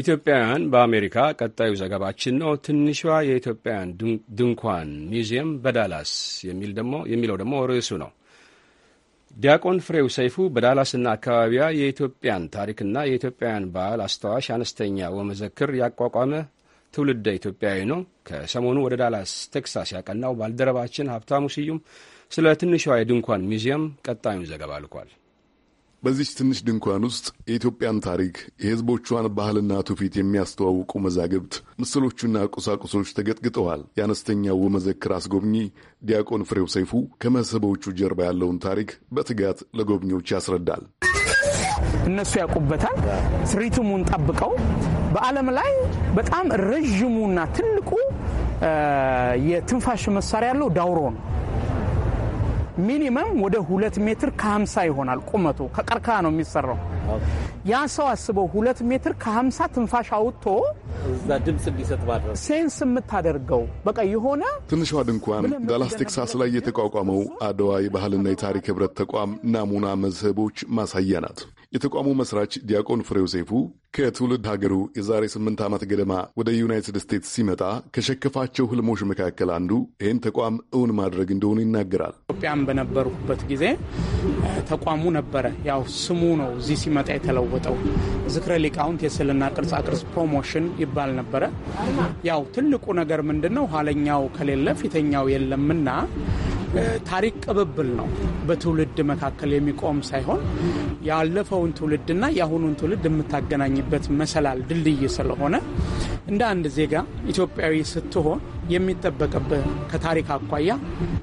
ኢትዮጵያውያን በአሜሪካ ቀጣዩ ዘገባችን ነው። ትንሿ የኢትዮጵያውያን ድንኳን ሚውዚየም በዳላስ የሚለው ደግሞ ርዕሱ ነው። ዲያቆን ፍሬው ሰይፉ በዳላስና አካባቢዋ የኢትዮጵያን ታሪክና የኢትዮጵያውያን ባህል አስተዋሽ አነስተኛ ወመዘክር ያቋቋመ ትውልደ ኢትዮጵያዊ ነው። ከሰሞኑ ወደ ዳላስ ቴክሳስ ያቀናው ባልደረባችን ሀብታሙ ስዩም ስለ ትንሿ የድንኳን ሚውዚየም ቀጣዩን ዘገባ ልኳል። በዚች ትንሽ ድንኳን ውስጥ የኢትዮጵያን ታሪክ የሕዝቦቿን ባህልና ትውፊት የሚያስተዋውቁ መዛግብት፣ ምስሎቹና ቁሳቁሶች ተገጥግጠዋል። የአነስተኛው መዘክር አስጎብኚ ዲያቆን ፍሬው ሰይፉ ከመስህቦቹ ጀርባ ያለውን ታሪክ በትጋት ለጎብኚዎች ያስረዳል። እነሱ ያውቁበታል። ስሪትሙን ጠብቀው በዓለም ላይ በጣም ረዥሙና ትልቁ የትንፋሽ መሳሪያ ያለው ዳውሮ ነው። ሚኒመም ወደ ሁለት ሜትር ከሀምሳ ይሆናል ቁመቱ። ከቀርከሃ ነው የሚሰራው። ያ ሰው አስበው ሁለት ሜትር ከሀምሳ ትንፋሽ አውጥቶ ድምፅ እንዲሰጥ ሴንስ የምታደርገው በቃ የሆነ ትንሿ ድንኳን ዳላስ ቴክሳስ ላይ የተቋቋመው አድዋ የባህልና የታሪክ ህብረት ተቋም ናሙና መዝህቦች ማሳያ ናት። የተቋሙ መስራች ዲያቆን ፍሬው ሰይፉ ከትውልድ ሀገሩ የዛሬ ስምንት ዓመት ገደማ ወደ ዩናይትድ ስቴትስ ሲመጣ ከሸከፋቸው ህልሞች መካከል አንዱ ይህን ተቋም እውን ማድረግ እንደሆኑ ይናገራል። ኢትዮጵያን በነበርኩበት ጊዜ ተቋሙ ነበረ። ያው ስሙ ነው እዚህ ሲመጣ የተለወጠው። ዝክረ ሊቃውንት የስዕልና ቅርጻቅርጽ ፕሮሞሽን ይባል ነበረ። ያው ትልቁ ነገር ምንድን ነው? ኋለኛው ከሌለ ፊተኛው የለምና ታሪክ ቅብብል ነው። በትውልድ መካከል የሚቆም ሳይሆን ያለፈውን ትውልድና የአሁኑን ትውልድ የምታገናኝበት መሰላል ድልድይ ስለሆነ እንደ አንድ ዜጋ ኢትዮጵያዊ ስትሆን የሚጠበቅብህ ከታሪክ አኳያ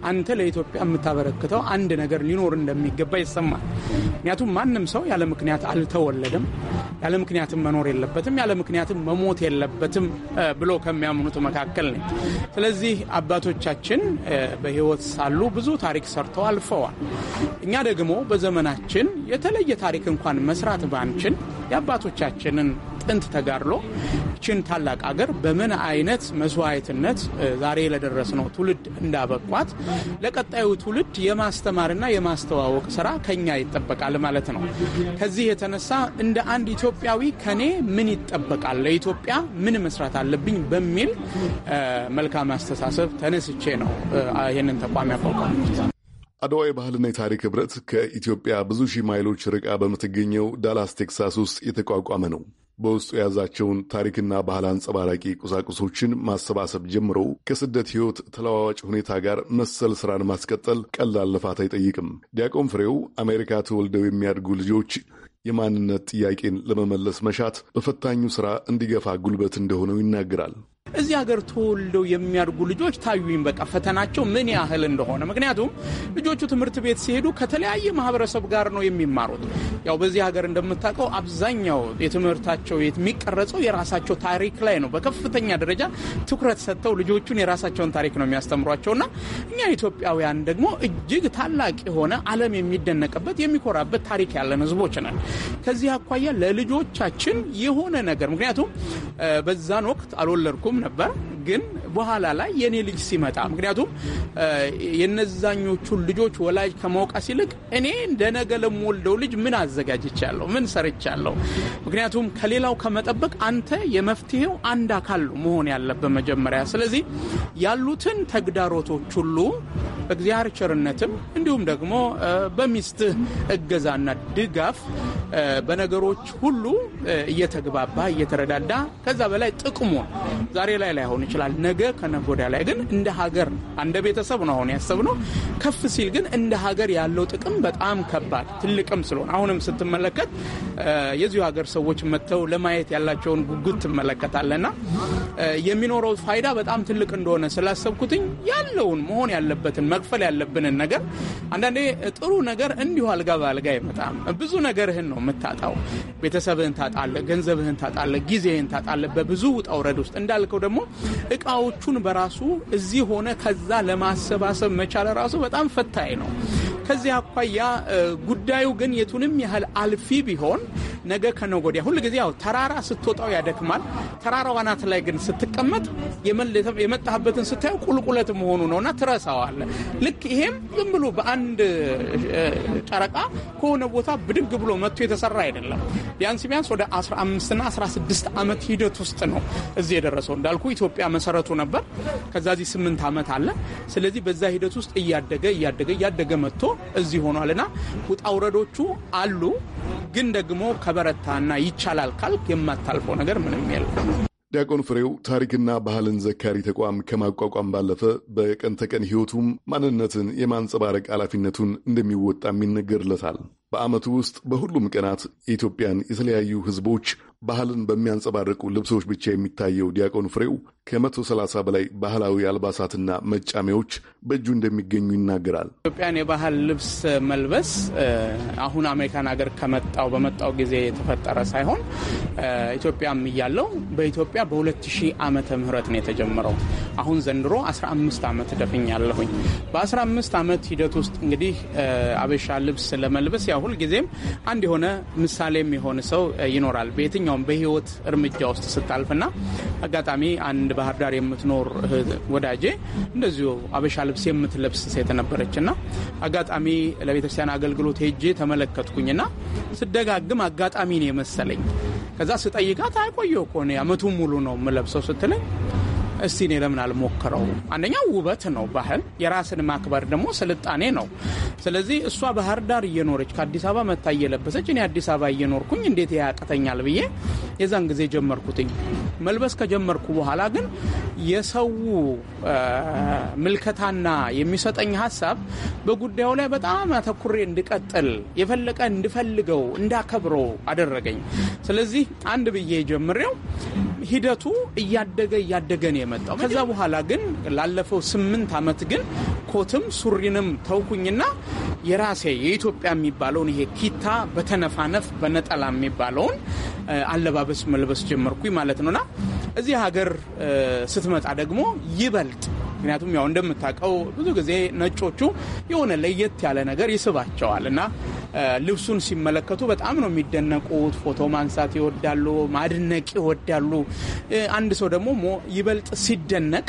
አንተ ለኢትዮጵያ የምታበረክተው አንድ ነገር ሊኖር እንደሚገባ ይሰማል። ምክንያቱም ማንም ሰው ያለ ምክንያት አልተወለደም፣ ያለ ምክንያትም መኖር የለበትም፣ ያለ ምክንያትም መሞት የለበትም ብሎ ከሚያምኑት መካከል ነኝ። ስለዚህ አባቶቻችን በሕይወት ሳሉ ብዙ ታሪክ ሰርተው አልፈዋል። እኛ ደግሞ በዘመናችን የተለየ ታሪክ እንኳን መስራት ባንችል የአባቶቻችንን ጥንት ተጋድሎ ችን ታላቅ አገር በምን አይነት መስዋዕትነት ዛሬ ለደረስነው ትውልድ እንዳበቋት ለቀጣዩ ትውልድ የማስተማርና የማስተዋወቅ ስራ ከኛ ይጠበቃል ማለት ነው። ከዚህ የተነሳ እንደ አንድ ኢትዮጵያዊ ከኔ ምን ይጠበቃል፣ ለኢትዮጵያ ምን መስራት አለብኝ በሚል መልካም አስተሳሰብ ተነስቼ ነው ይህንን ተቋም ያቋቋምኩት። አድዋ የባህልና የታሪክ ህብረት ከኢትዮጵያ ብዙ ሺህ ማይሎች ርቃ በምትገኘው ዳላስ ቴክሳስ ውስጥ የተቋቋመ ነው። በውስጡ የያዛቸውን ታሪክና ባህል አንጸባራቂ ቁሳቁሶችን ማሰባሰብ ጀምሮ ከስደት ሕይወት ተለዋዋጭ ሁኔታ ጋር መሰል ስራን ማስቀጠል ቀላል ልፋት አይጠይቅም። ዲያቆን ፍሬው አሜሪካ ተወልደው የሚያድጉ ልጆች የማንነት ጥያቄን ለመመለስ መሻት በፈታኙ ስራ እንዲገፋ ጉልበት እንደሆነው ይናገራል። እዚህ ሀገር ተወልደው የሚያድጉ ልጆች ታዩኝ። በቃ ፈተናቸው ምን ያህል እንደሆነ ምክንያቱም ልጆቹ ትምህርት ቤት ሲሄዱ ከተለያየ ማህበረሰብ ጋር ነው የሚማሩት። ያው በዚህ ሀገር እንደምታውቀው አብዛኛው የትምህርታቸው የሚቀረጸው የራሳቸው ታሪክ ላይ ነው። በከፍተኛ ደረጃ ትኩረት ሰጥተው ልጆቹን የራሳቸውን ታሪክ ነው እና እኛ ኢትዮጵያውያን ደግሞ እጅግ ታላቅ የሆነ ዓለም የሚደነቅበት የሚኮራበት ታሪክ ያለን ህዝቦች ነን። ከዚህ አኳያ ለልጆቻችን የሆነ ነገር ምክንያቱም በዛን ወቅት አልወለድኩም ነበር ግን በኋላ ላይ የእኔ ልጅ ሲመጣ ምክንያቱም የነዛኞቹን ልጆች ወላጅ ከመውቀስ ይልቅ እኔ እንደነገ ለምወልደው ልጅ ምን አዘጋጅቻለሁ? ምን ሰርቻለሁ? ምክንያቱም ከሌላው ከመጠበቅ አንተ የመፍትሄው አንድ አካል መሆን ያለበት መጀመሪያ። ስለዚህ ያሉትን ተግዳሮቶች ሁሉ እግዚአብሔር ቸርነትም እንዲሁም ደግሞ በሚስትህ እገዛና ድጋፍ በነገሮች ሁሉ እየተግባባ እየተረዳዳ ከዛ በላይ ጥቅሙ ዛሬ ላይ ላይሆን ይችላል ነገ ከነገ ወዲያ ላይ ግን እንደ ሀገር እንደ ቤተሰብ ነው አሁን ያሰብነው። ከፍ ሲል ግን እንደ ሀገር ያለው ጥቅም በጣም ከባድ ትልቅም ስለሆነ አሁንም ስትመለከት የዚሁ ሀገር ሰዎች መጥተው ለማየት ያላቸውን ጉጉት ትመለከታለና የሚኖረው ፋይዳ በጣም ትልቅ እንደሆነ ስላሰብኩትኝ ያለውን መሆን ያለበትን መክፈል ያለብንን ነገር አንዳንዴ ጥሩ ነገር እንዲሁ አልጋ በአልጋ አይመጣም። ብዙ ነገርህን ነው የምታጣው። ቤተሰብህን ታጣለ፣ ገንዘብህን ታጣለ፣ ጊዜህን ታጣለ በብዙ ውጣ ውረድ ውስጥ እንዳልከው ደግሞ እቃው ሰዎቹን በራሱ እዚህ ሆነ ከዛ ለማሰባሰብ መቻል ራሱ በጣም ፈታኝ ነው። ከዚህ አኳያ ጉዳዩ ግን የቱንም ያህል አልፊ ቢሆን ነገ ከነገ ወዲያ ሁል ጊዜ ያው ተራራ ስትወጣው ያደክማል። ተራራ ዋናት ላይ ግን ስትቀመጥ የመጣህበትን ስታየው ቁልቁለት መሆኑ ነውና ትረሳዋል። ልክ ይሄም ዝም ብሎ በአንድ ጨረቃ ከሆነ ቦታ ብድግ ብሎ መጥቶ የተሰራ አይደለም። ቢያንስ ቢያንስ ወደ 15ና 16 ዓመት ሂደት ውስጥ ነው እዚህ የደረሰው። እንዳልኩ ኢትዮጵያ መሰረቱ ነበር። ከዛ እዚህ ስምንት ዓመት አለ። ስለዚህ በዛ ሂደት ውስጥ እያደገ እያደገ እያደገ መጥቶ እዚህ ሆኗል እና ውጣ ውረዶቹ አሉ። ግን ደግሞ ከበረታና ይቻላል ካልክ የማታልፈው ነገር ምንም የለም። ዲያቆን ፍሬው ታሪክና ባህልን ዘካሪ ተቋም ከማቋቋም ባለፈ በቀን ተቀን ሕይወቱም ማንነትን የማንጸባረቅ ኃላፊነቱን እንደሚወጣም ይነገርለታል። በዓመቱ ውስጥ በሁሉም ቀናት የኢትዮጵያን የተለያዩ ህዝቦች ባህልን በሚያንጸባርቁ ልብሶች ብቻ የሚታየው ዲያቆን ፍሬው ከመቶ ሰላሳ በላይ ባህላዊ አልባሳትና መጫሚያዎች በእጁ እንደሚገኙ ይናገራል። ኢትዮጵያን የባህል ልብስ መልበስ አሁን አሜሪካን ሀገር ከመጣው በመጣው ጊዜ የተፈጠረ ሳይሆን ኢትዮጵያም እያለው በኢትዮጵያ በ2000 ዓመተ ምህረት ነው የተጀመረው። አሁን ዘንድሮ 15 ዓመት ደፍኛለሁኝ። በ15 ዓመት ሂደት ውስጥ እንግዲህ አበሻ ልብስ ለመልበስ ያው ሁልጊዜም አንድ የሆነ ምሳሌ የሚሆን ሰው ይኖራል በየትኛውም በህይወት እርምጃ ውስጥ ስታልፍና አጋጣሚ አንድ ባህር ዳር የምትኖር ወዳጄ እንደዚሁ አበሻ ልብስ የምትለብስ ሴት ነበረችና አጋጣሚ ለቤተክርስቲያን አገልግሎት ሄጄ ተመለከትኩኝና ስደጋግም አጋጣሚ ነው የመሰለኝ። ከዛ ስጠይቃት አይቆየው እኮ ዓመቱን ሙሉ ነው የምለብሰው ስትለኝ እስቲ እኔ ለምን አልሞክረው? አንደኛው ውበት ነው። ባህል የራስን ማክበር ደግሞ ስልጣኔ ነው። ስለዚህ እሷ ባህር ዳር እየኖረች ከአዲስ አበባ መታ እየለበሰች እኔ አዲስ አበባ እየኖርኩኝ እንዴት ያቅተኛል ብዬ የዛን ጊዜ ጀመርኩትኝ። መልበስ ከጀመርኩ በኋላ ግን የሰው ምልከታና የሚሰጠኝ ሀሳብ በጉዳዩ ላይ በጣም አተኩሬ እንድቀጥል የፈለቀ እንድፈልገው እንዳከብረው አደረገኝ። ስለዚህ አንድ ብዬ ጀምሬው ሂደቱ እያደገ እያደገ ነው የመጣው። ከዛ በኋላ ግን ላለፈው ስምንት ዓመት ግን ኮትም ሱሪንም ተውኩኝና የራሴ የኢትዮጵያ የሚባለውን ይሄ ኪታ በተነፋነፍ በነጠላ የሚባለውን አለባበስ መልበስ ጀመርኩኝ ማለት ነውና እዚህ ሀገር ስትመጣ ደግሞ ይበልጥ ምክንያቱም ያው እንደምታውቀው ብዙ ጊዜ ነጮቹ የሆነ ለየት ያለ ነገር ይስባቸዋል እና ልብሱን ሲመለከቱ በጣም ነው የሚደነቁት። ፎቶ ማንሳት ይወዳሉ፣ ማድነቅ ይወዳሉ። አንድ ሰው ደግሞ ይበልጥ ሲደነቅ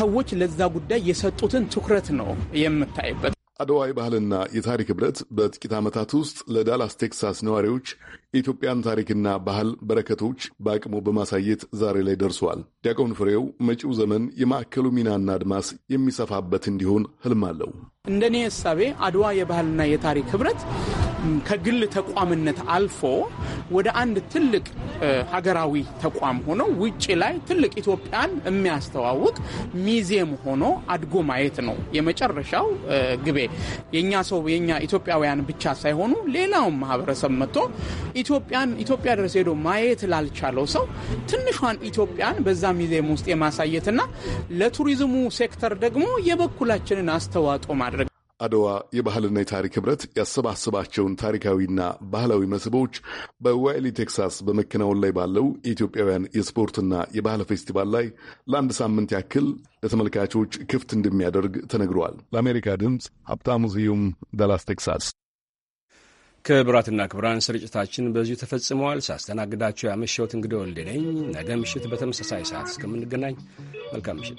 ሰዎች ለዛ ጉዳይ የሰጡትን ትኩረት ነው የምታይበት። አድዋ የባህልና የታሪክ ኅብረት በጥቂት ዓመታት ውስጥ ለዳላስ ቴክሳስ ነዋሪዎች የኢትዮጵያን ታሪክና ባህል በረከቶች በአቅሙ በማሳየት ዛሬ ላይ ደርሷል። ዲያቆን ፍሬው መጪው ዘመን የማዕከሉ ሚናና አድማስ የሚሰፋበት እንዲሆን ህልም አለው። እንደኔ እሳቤ አድዋ የባህልና የታሪክ ኅብረት ከግል ተቋምነት አልፎ ወደ አንድ ትልቅ ሀገራዊ ተቋም ሆኖ ውጭ ላይ ትልቅ ኢትዮጵያን የሚያስተዋውቅ ሚዜም ሆኖ አድጎ ማየት ነው የመጨረሻው ግቤ። የእኛ ሰው የእኛ ኢትዮጵያውያን ብቻ ሳይሆኑ ሌላውን ማህበረሰብ መጥቶ ኢትዮጵያን ኢትዮጵያ ድረስ ሄዶ ማየት ላልቻለው ሰው ትንሿን ኢትዮጵያን በዛ ሚዜም ውስጥ የማሳየትና ለቱሪዝሙ ሴክተር ደግሞ የበኩላችንን አስተዋጽኦ ማድረግ አድዋ የባህልና የታሪክ ህብረት ያሰባሰባቸውን ታሪካዊና ባህላዊ መስህቦች በዋይሊ ቴክሳስ በመከናወን ላይ ባለው የኢትዮጵያውያን የስፖርትና የባህል ፌስቲቫል ላይ ለአንድ ሳምንት ያክል ለተመልካቾች ክፍት እንደሚያደርግ ተነግሯል። ለአሜሪካ ድምፅ ሀብታሙ ስዩም ዳላስ ቴክሳስ። ክቡራትና ክቡራን ስርጭታችን በዚሁ ተፈጽመዋል። ሳስተናግዳችሁ ያመሸሁት እንግዲህ ወልዴ ነኝ። ነገ ምሽት በተመሳሳይ ሰዓት እስከምንገናኝ መልካም ምሽት።